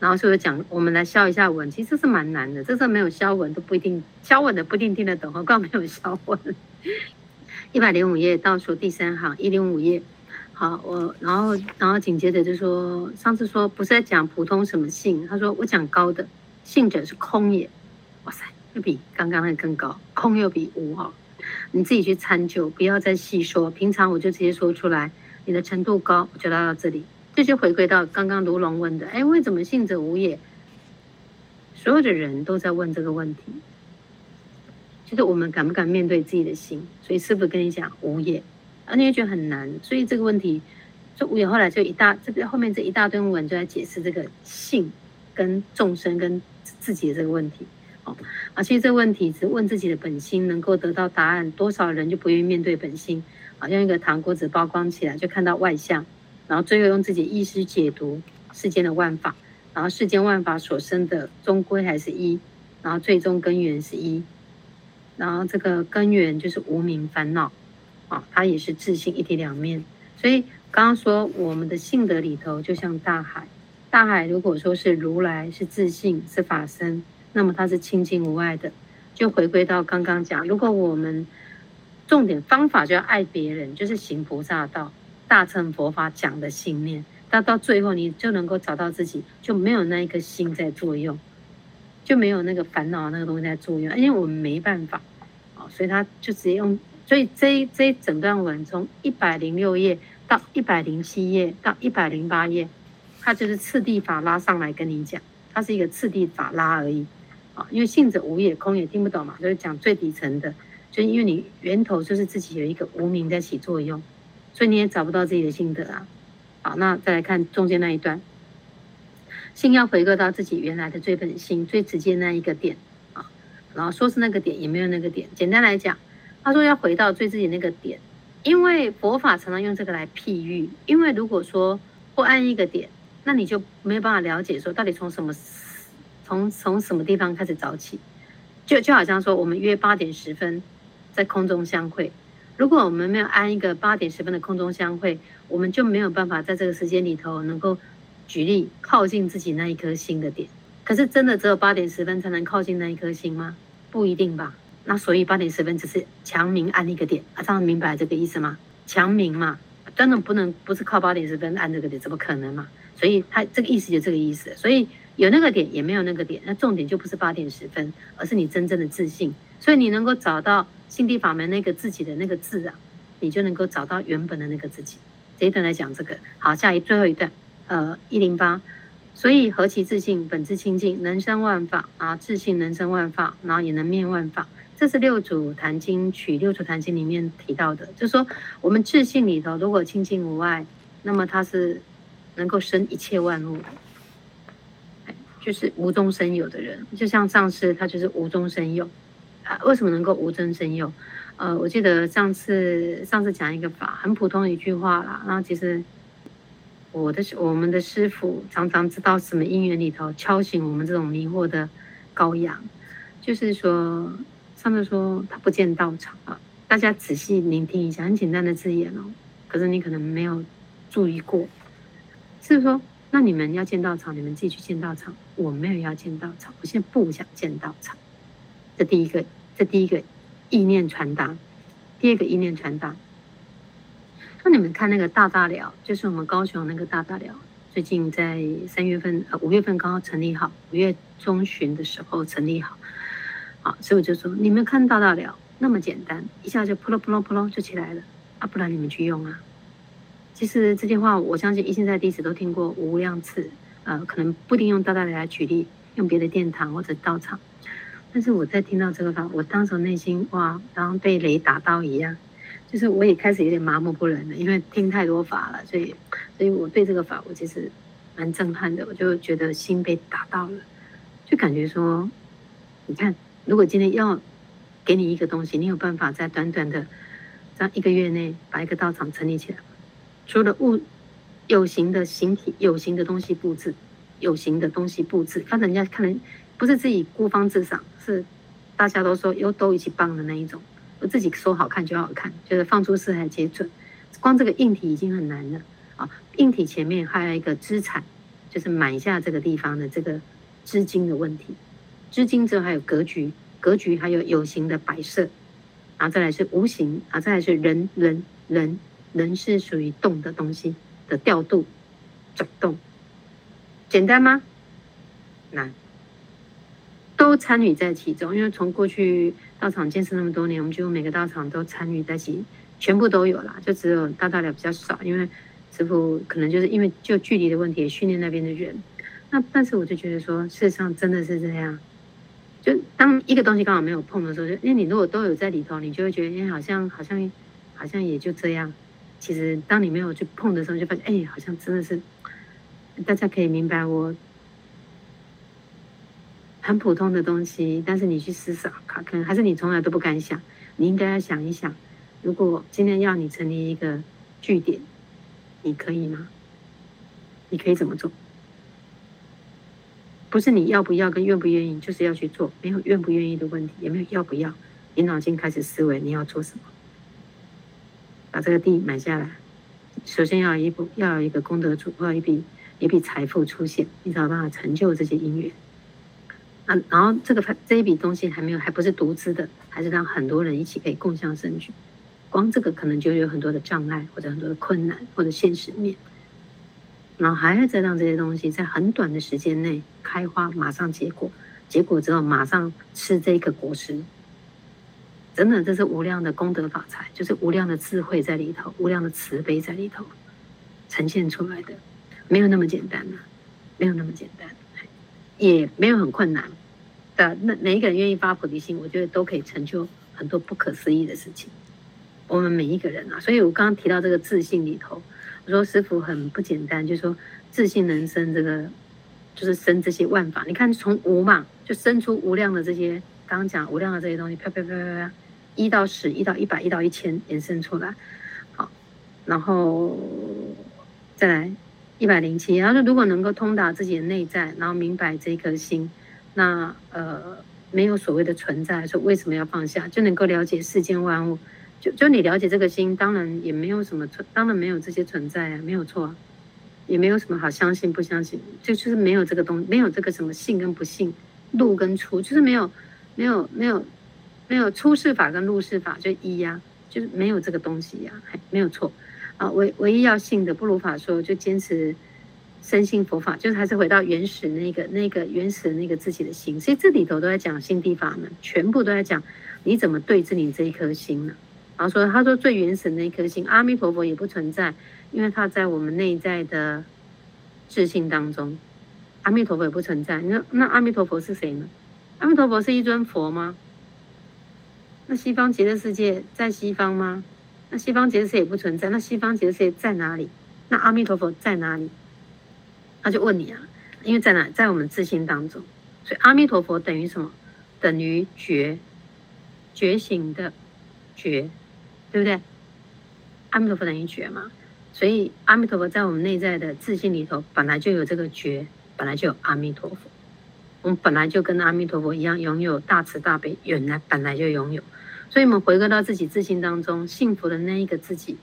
然後所以就我講，我們來消一下文，其實這是蠻難的，這是沒有消文都不一定消文的不一定聽得懂，何況沒有消文。一百零五頁倒數第三行，一零五頁。好，我然後然後緊接着就說，上次說不是在講普通什麼性，他說我講高的信者是空也。哇塞，又比剛剛那個更高，空又比無啊！你自己去參究，不要再細說。平常我就直接說出來，你的程度高，我就拉到這裡。這就回歸到剛剛盧龍問的，哎、欸，為什麼信者無也？所有的人都在問這個問題。就是我們敢不敢面對自己的心，所以師父跟你講無也，啊，你會覺得很難，所以這個問題，就無也後來就一大這個後面這一大堆文就在解釋這個性跟眾生跟自己的這個問題，哦，而、啊、其實這個問題是問自己的本心能夠得到答案，多少人就不願意面對本心，好、啊，用一個糖果紙包裝起來就看到外相。然後最後用自己意識解讀世間的萬法，然後世間萬法所生的終歸還是一，然後最終根源是一。然後這個根源就是無明煩惱，啊，它也是自信一體兩面。所以剛剛說我們的性德裡頭就像大海，大海如果說是如來是自信是法身，那麼它是清淨無礙的，就回歸到剛剛講，如果我們重點方法就要愛別人，就是行菩薩道、大乘佛法講的信念，那到最後你就能夠找到自己，就沒有那一顆心在作用。就沒有那個煩惱、那個東西在作用，因為我們沒辦法，啊，所以他就直接用，所以這一這一整段文從一百零六頁到一百零七頁到一百零八頁，他就是次第法拉上來跟你講，他是一個次第法拉而已，啊，因為性者無也空也聽不懂嘛，就是講最底層的，就因為你源頭就是自己有一個無明在起作用，所以你也找不到自己的心得啊。好，那再來看中間那一段。心要回歸到自己原來的最本心，最直接那一個點啊，然後說是那個點，也沒有那個點。簡單來講，他說要回到最自己那個點，因為佛法常常用這個來譬喻。因為如果說不按一個點，那你就沒有辦法了解說到底從什麼從從什麼地方開始找起。就就好像說，我們約八點十分在空中相會，如果我們沒有按一個八點十分的空中相會，我們就沒有辦法在這個時間裡頭能夠。舉例，靠近自己那一顆心的點，可是真的只有八點十分才能靠近那一顆心嗎？不一定吧。那所以八點十分只是強明按一個點，啊，這樣明白這個意思嗎？強明嘛，當然不能不是靠八點十分按這個點，怎麼可能嘛？所以它這個意思就這個意思。所以有那個點也沒有那個點，那重點就不是八點十分，而是你真正的自信。所以你能夠找到心地法門那個自己的那個自然，啊，你就能夠找到原本的那個自己。這一段來講這個，好，下一最後一段。呃，一零八，所以何其自信，本自清淨，能生萬法啊！自信能生萬法，然後也能滅萬法。這是六祖壇經取六祖壇經裡面提到的，就是說我們自信裡頭，如果清淨無礙，那麼他是能夠生一切萬物，哎，就是無中生有的人，就像上次他就是無中生有啊。為什麼能夠無中生有？呃，我記得上次上次講一個法，很普通的一句話啦，然後其實。我的我們的師父常常知道什麼因緣裡頭敲醒我們這種迷惑的羔羊，就是說，上面說他不見道場啊，大家仔細聆聽一下，很簡單的字眼哦，可是你可能沒有注意過，是不是說，那你們要見道場，你們自己去見道場，我沒有要見道場，我現在不想見道場，這第一個，這第一個意念傳達，第二個意念傳達。你們看那個大大寮，就是我們高雄那個大大寮，最近在三月份呃五月份剛剛好成立好，五月中旬的時候成立好，好、啊，所以我就說，你們看大大寮那麼簡單，一下就撲啦撲啦撲啦就起來了，啊，不然你們去用啊。其實這些話，我相信一心在地弟子都聽過無量次，呃，可能不一定用大大寮來舉例，用別的殿堂或者道場，但是我在聽到這個話，我當時內心哇，然後被雷打到一樣。就是我也開始有點麻木不仁了，因為聽太多法了，所以，所以我對這個法我其實蠻震撼的，我就覺得心被打到了，就感覺說，你看，如果今天要給你一個東西，你有辦法在短短的這樣一個月內把一個道場成立起來嗎？除了物有形的形體，有形的東西布置，有形的東西布置，反正人家看來不是自己孤芳自賞，是大家都說又都一起棒的那一種。我自己說好看就好看，就是放出四海皆準，光這個硬體已經很難了啊。硬體前面還有一個資產，就是買下這個地方的這個資金的問題。資金之後還有格局，格局還有有形的擺設，然後再來是無形，然後再來是人人人人是屬於動的東西的調度、轉動，簡單嗎？難，都參與在其中，因為從過去。道場堅持那麼多年，我們就每個道場都參與在一起，全部都有啦，就只有大道理比較少，因為師傅可能就是因為就距離的問題，訓練那邊的人。那但是我就覺得說，事實上真的是這樣。就當一個東西剛好沒有碰的時候，就那你如果都有在裡頭，你就會覺得，哎、欸，好像好像好像也就這樣。其實當你沒有去碰的時候，就發現，哎、欸，好像真的是大家可以明白我。很普通的東西，但是你去思索，可能還是你從來都不敢想。你應該要想一想，如果今天要你成立一個據點，你可以嗎？你可以怎麼做？不是你要不要跟願不願意，就是要去做，沒有願不願意的問題，也沒有要不要。你腦筋開始思維，你要做什麼？把這個地買下來，首先要一步，要有一個功德主，要有一筆一筆財富出現，你才有辦法成就這些姻緣。啊，然後這個這一筆東西還沒有，還不是獨資的，還是讓很多人一起可以共襄盛舉。光這個可能就有很多的障礙，或者很多的困難，或者現實面。然後還要再讓這些東西在很短的時間內開花，馬上結果，結果之後馬上吃這個果實，真的這是無量的功德法財，就是無量的智慧在裡頭，無量的慈悲在裡頭呈現出來的，沒有那麼簡單吶、啊，沒有那麼簡單，也沒有很困難。那每一個人願意發菩提心，我覺得都可以成就很多不可思議的事情。我們每一個人啊，所以我剛剛提到這個自信裡頭，我說師父很不簡單，就是、說自信能生這個，就是生這些萬法。你看從無嘛，就生出無量的這些，剛剛講無量的這些東西，飄飄飄飄飄，一到十，一到一百，一到一千，延伸出來，好，然後再來一百零七。107，他說如果能夠通達自己的內在，然後明白這一顆心。那呃，沒有所謂的存在，說為什麼要放下，就能夠了解世間萬物。就就你了解這個心，當然也沒有什麼存，當然沒有這些存在啊，沒有錯，啊，也沒有什麼好相信不相信，就就是沒有這個東，沒有這個什麼信跟不信，入跟出，就是沒有沒有沒有沒有出世法跟入世法就，啊，就一呀，就是沒有這個東西呀，啊，沒有錯啊，唯唯一要信的，不如法說就堅持。身心佛法，就是還是回到原始那個、那個原始那個自己的心。所以這裡頭都在講心地法門，全部都在講你怎麼對治你這一顆心呢？然後說，他說最原始的那一顆心，阿彌陀佛也不存在，因為他在我們內在的自信當中，阿彌陀佛也不存在。那那阿彌陀佛是誰呢？阿彌陀佛是一尊佛嗎？那西方極樂世界在西方嗎？那西方極樂世界也不存在，那西方極樂世界在哪裡？那阿彌陀佛在哪裡？他就問你啊，因為在哪？在我們自心當中，所以阿彌陀佛等於什麼？等於覺，覺醒的覺，對不對？阿彌陀佛等於覺嘛，所以阿彌陀佛在我們內在的自心裡頭，本來就有這個覺，本來就有阿彌陀佛，我們本來就跟阿彌陀佛一樣，擁有大慈大悲，原來本來就擁有，所以我們回歸到自己自心當中，幸福的那一個自己。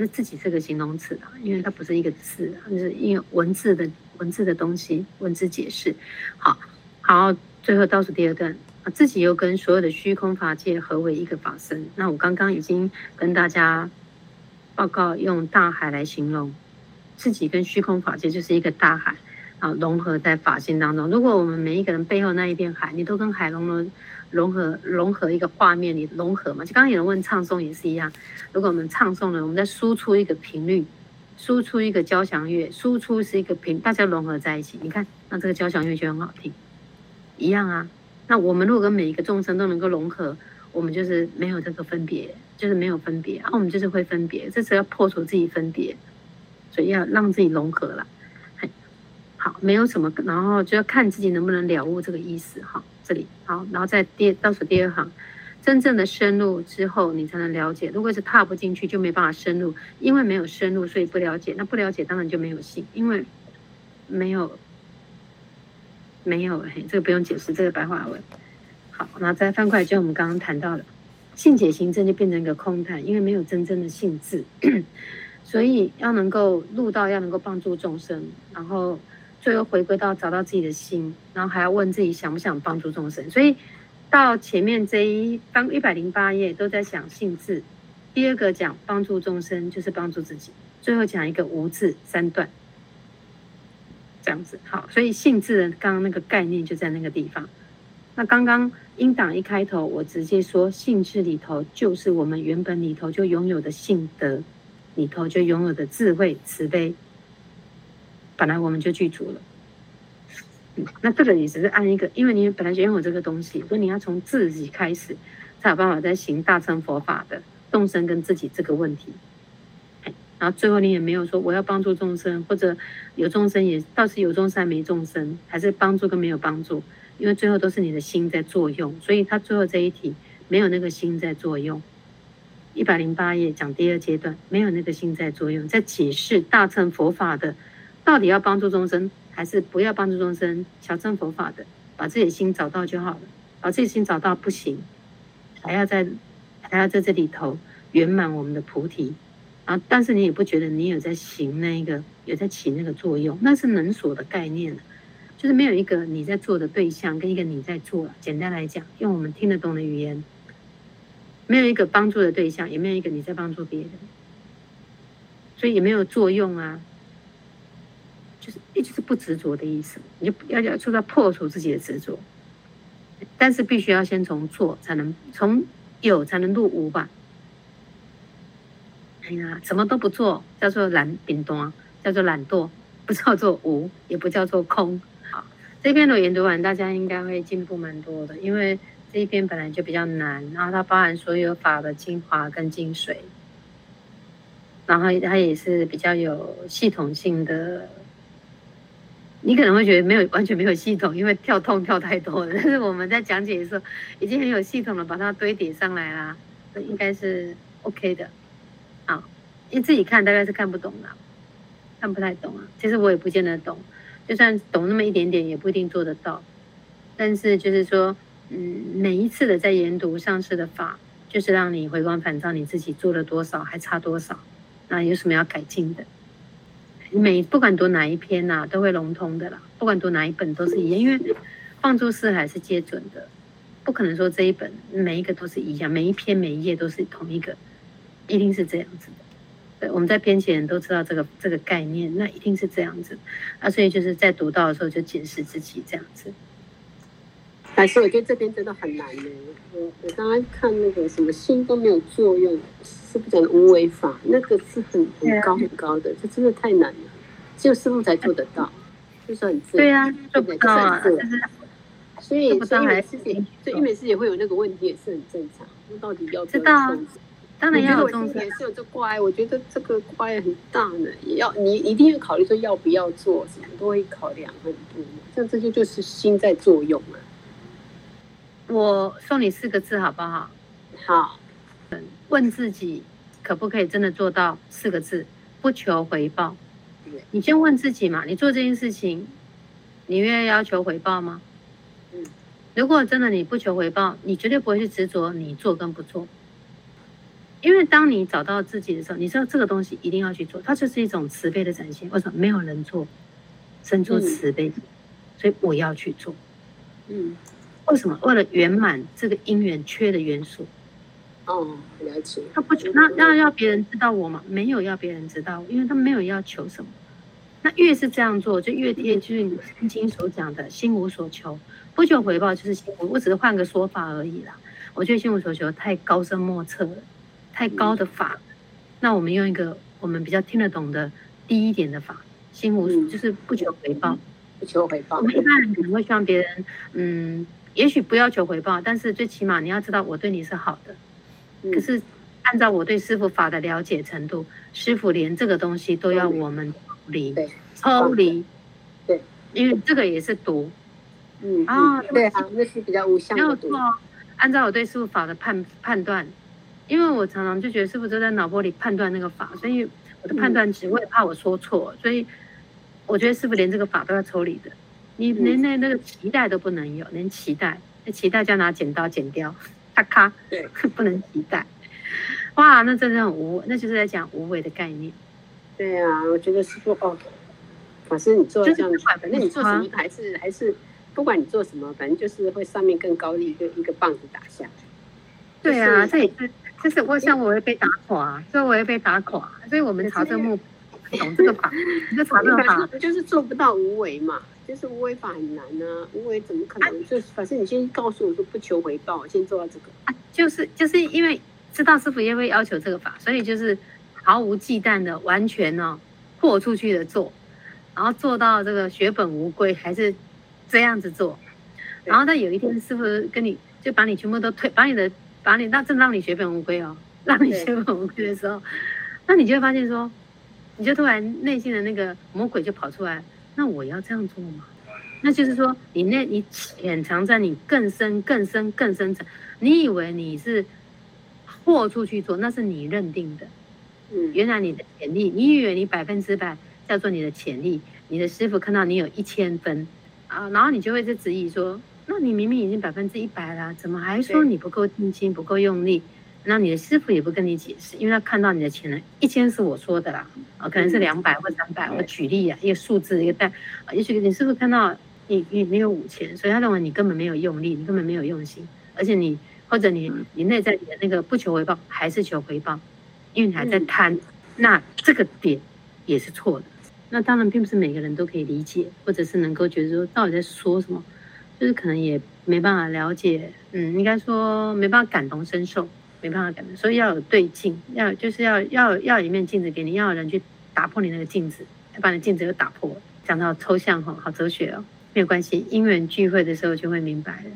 那自己是個形容詞的、啊，因為它不是一個字、啊，就是因為文字的文字的東西文字解釋。好，好，最後倒數第二段啊，自己又跟所有的虛空法界合為一個法身。那我剛剛已經跟大家報告，用大海來形容自己跟虛空法界就是一個大海啊，然後融合在法性當中。如果我們每一個人背後那一片海，你都跟海融合。融合融合一個畫面，你融合嘛？就剛剛有人問唱誦也是一樣，如果我們唱誦了，我們再輸出一個頻率，輸出一個交響樂，輸出是一個頻，大家融合在一起，你看，那這個交響樂就很好聽，一樣啊。那我們如果跟每一個眾生都能夠融合，我們就是沒有這個分別，就是沒有分別啊。然後我們就是會分別，這是要破除自己分別，所以要讓自己融合了。好，沒有什麼，然後就要看自己能不能了悟這個意思哈。好這裡好，然後在第倒數第二行，真正的深入之後，你才能了解。如果是踏不進去，就沒辦法深入，因為沒有深入，所以不了解。那不了解，當然就沒有信，因為沒有沒有嘿，這個不用解釋，這個白話文。好，然後再翻過來，就我們剛剛談到的，信解行證就變成一個空談，因為沒有真正的信自，所以要能夠入道，要能夠幫助眾生，然後。最後回歸到找到自己的心，然後還要問自己想不想幫助眾生。所以到前面這一方一百零八頁都在講性智，第二個講幫助眾生就是幫助自己，最後講一個無字三段，這樣子。好，所以性智的剛剛那個概念，就在那個地方。那剛剛音檔一開頭，我直接說性智裡頭就是我們原本裡頭就擁有的性德，裡頭就擁有的智慧、慈悲。本來我們就具足了，那這個也只是按一個，因為你本來就擁有這個東西，所以你要從自己開始，才有辦法在行大乘佛法的眾生跟自己這個問題。然後最後你也沒有說我要幫助眾生，或者有眾生也倒是有眾生還沒眾生，還是幫助跟沒有幫助，因為最後都是你的心在作用，所以他最後這一題沒有那個心在作用。一百零八頁講第二階段，沒有那個心在作用，在解釋大乘佛法的。到底要幫助眾生，還是不要幫助眾生？小乘佛法的，把自己的心找到就好了。把自己的心找到不行，還要在還要在這裡頭圓滿我們的菩提。然後，啊，但是你也不覺得你有在行那一個，有在起那個作用，那是能所的概念了。就是沒有一個你在做的對象，跟一個你在做。簡單來講，用我們聽得懂的語言，沒有一個幫助的對象，也沒有一個你在幫助別人，所以也沒有作用啊。就是一直是不執着的意思，你就要要做到破除自己的執着但是必須要先從做才能從有才能入無吧。哎呀，什麼都不做叫做懶惰，叫做懶惰，惰，不叫做無，也不叫做空。好，這篇的研讀完，大家應該會進步蠻多的，因為這一篇本來就比較難，然後它包含所有法的精華跟精髓，然後它也是比較有系統性的。你可能會覺得沒有完全沒有系統，因為跳痛跳太多了。但是我們在講解的時候已經很有系統了，把它堆疊上來啦，應該是 OK 的。好，你自己看大概是看不懂的，看不太懂啊。其實我也不見得懂，就算懂那麼一點點，也不一定做得到。但是就是說，嗯，每一次的在研讀上次的法，就是讓你回光返照，你自己做了多少，還差多少，那有什麼要改進的？每不管讀哪一篇吶、啊，都會融通的啦。不管讀哪一本都是一樣，因為放諸四海是皆準的，不可能說這一本每一個都是一樣，每一篇每一頁都是同一個，一定是這樣子的。對，我們在編輯人都知道這個這個概念，那一定是這樣子。啊，所以就是在讀到的時候就檢視自己這樣子。但是我覺得這邊真的很難呢。我我剛剛看那個什麼心都沒有作用，師父講的無為法，那個是很很高很高的、嗯，這真的太難了。只有師父才做得到，就是很正、嗯、對啊，對得、啊、到啊。所以說玉美師姐，所以玉美師姐會有那個問題，也是很正常。那到底要不要做，知道啊？當然要有重視，也是有這乖，我覺得這個乖很大呢，也要你一定要考慮說要不要做，什麼都會考量很多。嗯、像這些就是心在作用啊。我送你四個字好不好？好，問自己可不可以真的做到四個字不求回報？你先問自己嘛，你做這件事情，你願意要求回報嗎？嗯，如果真的你不求回報，你絕對不會去執着你做跟不做，因為當你找到自己的時候，你知道這個東西一定要去做，它就是一種慈悲的展現。為什麼沒有人做，生出慈悲、嗯，所以我要去做。嗯。為什麼？為了圓滿這個因緣缺的元素？哦，了解。他不求，那那要別人知道我嗎？沒有要別人知道，因為他沒有要求什麼。那越是這樣做，就越貼近是《心經》所講的心無所求，不求回報，就是我我只是換個說法而已啦。我覺得心無所求太高深莫測了，太高的法，嗯。那我們用一個我們比較聽得懂的低一點的法，心無所，嗯、就是不求回報，嗯，不求回報。我們一般人可能會希望別人嗯。也許不要求回報，但是最起碼你要知道我對你是好的。嗯、可是按照我對師父法的了解程度，師父連這個東西都要我們離，抽離。對，因為這個也是毒。嗯啊，對啊，那是比較無相要、啊、按照我對師父法的判判斷，因為我常常就覺得師父都在腦波裡判斷那個法，所以我的判斷只會怕我說錯、嗯，所以我覺得師父連這個法都要抽離的。你連那那個臍帶都不能有，連臍帶，那臍帶就要拿剪刀剪掉，咔咔，對， 不能臍帶。哇，那真的很無，那就是在講無為的概念。對啊，我覺得是做傅哦，法師你做這樣的話，反、就、正、是啊、你做什麼還是還是，不管你做什麼，反正就是會上面更高的一個一個棒子打下來、就是。對啊，這也是，就是我想我會被打垮，嗯、所以我會被打垮，所以我們朝着目。懂這個法， 這個法，反正不就是做不到無為嘛？就是無為法很難啊，無為怎麼可能？啊、就反正你先告訴我，說不求回報，先做到這個。啊，就是就是因為知道師父也會要求這個法，所以就是毫無忌憚的，完全哦豁出去的做，然後做到這個血本無歸，還是這樣子做。然後他有一天，師父跟你就把你全部都推，把你的，把你那正讓你血本無歸哦，讓你血本無歸的時候，那你就會發現說。你就突然內心的那個魔鬼，就跑出來，那我要這樣做嗎？那就是說你，你那，你潛藏在你更深、更深、更深層。你以為你是豁出去做，那是你認定的。嗯，原來你的潛力，你以為你百分之百叫做你的潛力，你的師父看到你有一千分啊，然後你就會在質疑說，那你明明已經百分之一百了，怎麼還說你不夠定心，不夠用力？那你的師父也不跟你解釋，因為他看到你的潛能一千，是我說的啦，啊可能是兩百或三百，我舉例啊，一個數字一個單，也、啊、許你是不是看到你你你有五千，所以他認為你根本沒有用力，你根本沒有用心，而且你或者你你內在的那個不求回報還是求回報，因為你還在貪、嗯，那這個點也是錯的。那當然並不是每個人都可以理解，或者是能夠覺得說到底在說什麼，就是可能也沒辦法了解，嗯，應該說沒辦法感同身受。沒辦法改變，所以要有對鏡，要就是要要要一面鏡子給你，要有人去打破你那個鏡子，才把你鏡子又打破。講到抽象哈、哦，好哲學哦，沒有關係，因緣聚會的時候就會明白了。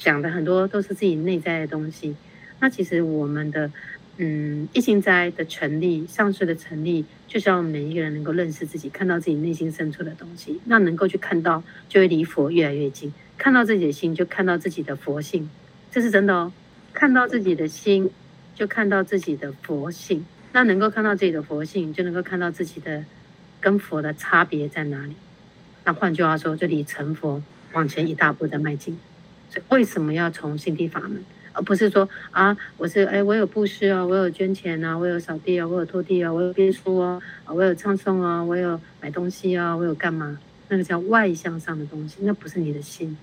講的很多都是自己內在的東西。那其實我們的嗯，一心齋的成立、上師的成立，就是要每一個人能夠認識自己，看到自己內心深處的東西。那能夠去看到，就會離佛越來越近。看到自己的心，就看到自己的佛性，這是真的哦。看到自己的心，就看到自己的佛性。那能夠看到自己的佛性，就能夠看到自己的跟佛的差別在哪裡。那換句話說，就離成佛往前一大步在邁進。所以為什麼要從心地法門，而不是說啊，我是誒、哎，我有布施啊、哦，我有捐錢啊，我有掃地啊、哦，我有拖地啊、哦，我有編書啊，啊，我有唱誦啊、哦，我有買東西啊、哦，我有幹嘛？那個叫外向上的東西，那不是你的心，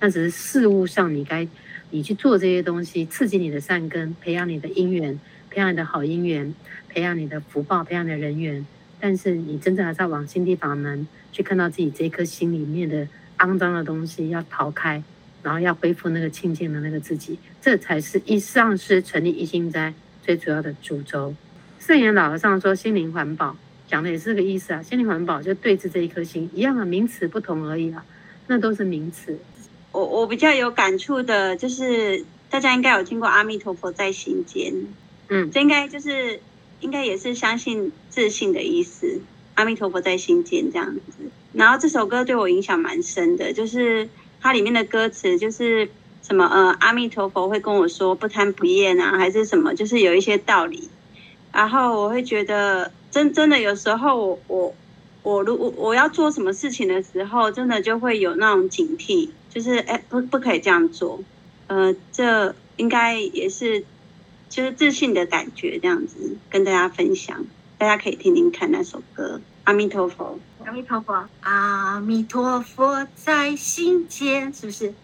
那只是事物上你該。你去做這些東西，刺激你的善根，培養你的因緣，培養的好因緣，培養你的福報，培養的人緣。但是你真正要在往心地法門去看到自己這一顆心裡面的骯髒的東西，要逃開，然後要恢復那個慶幸的那個自己，這才是一上師成立一心齋最主要的主軸。聖言老和尚說心靈環保講的也是這個意思啊，心靈環保就對峙這一顆心，一樣的、啊、名詞不同而已啊，那都是名詞。我我比較有感觸的，就是大家應該有聽過阿彌陀佛在心間，嗯，這應該就是應該也是相信自信的意思。阿彌陀佛在心間這樣子，然後這首歌對我影響蠻深的，就是它裡面的歌詞就是什麼呃，阿彌陀佛會跟我說不貪不厭啊，還是什麼，就是有一些道理。然後我會覺得真真的有時候我我我如我我要做什麼事情的時候，真的就會有那種警惕。就是哎，不不可以這樣做，呃，這應該也是，就是自信的感覺這樣子，跟大家分享，大家可以聽聽看那首歌《阿彌陀佛》，阿彌陀佛，阿彌陀佛在心間，是不是？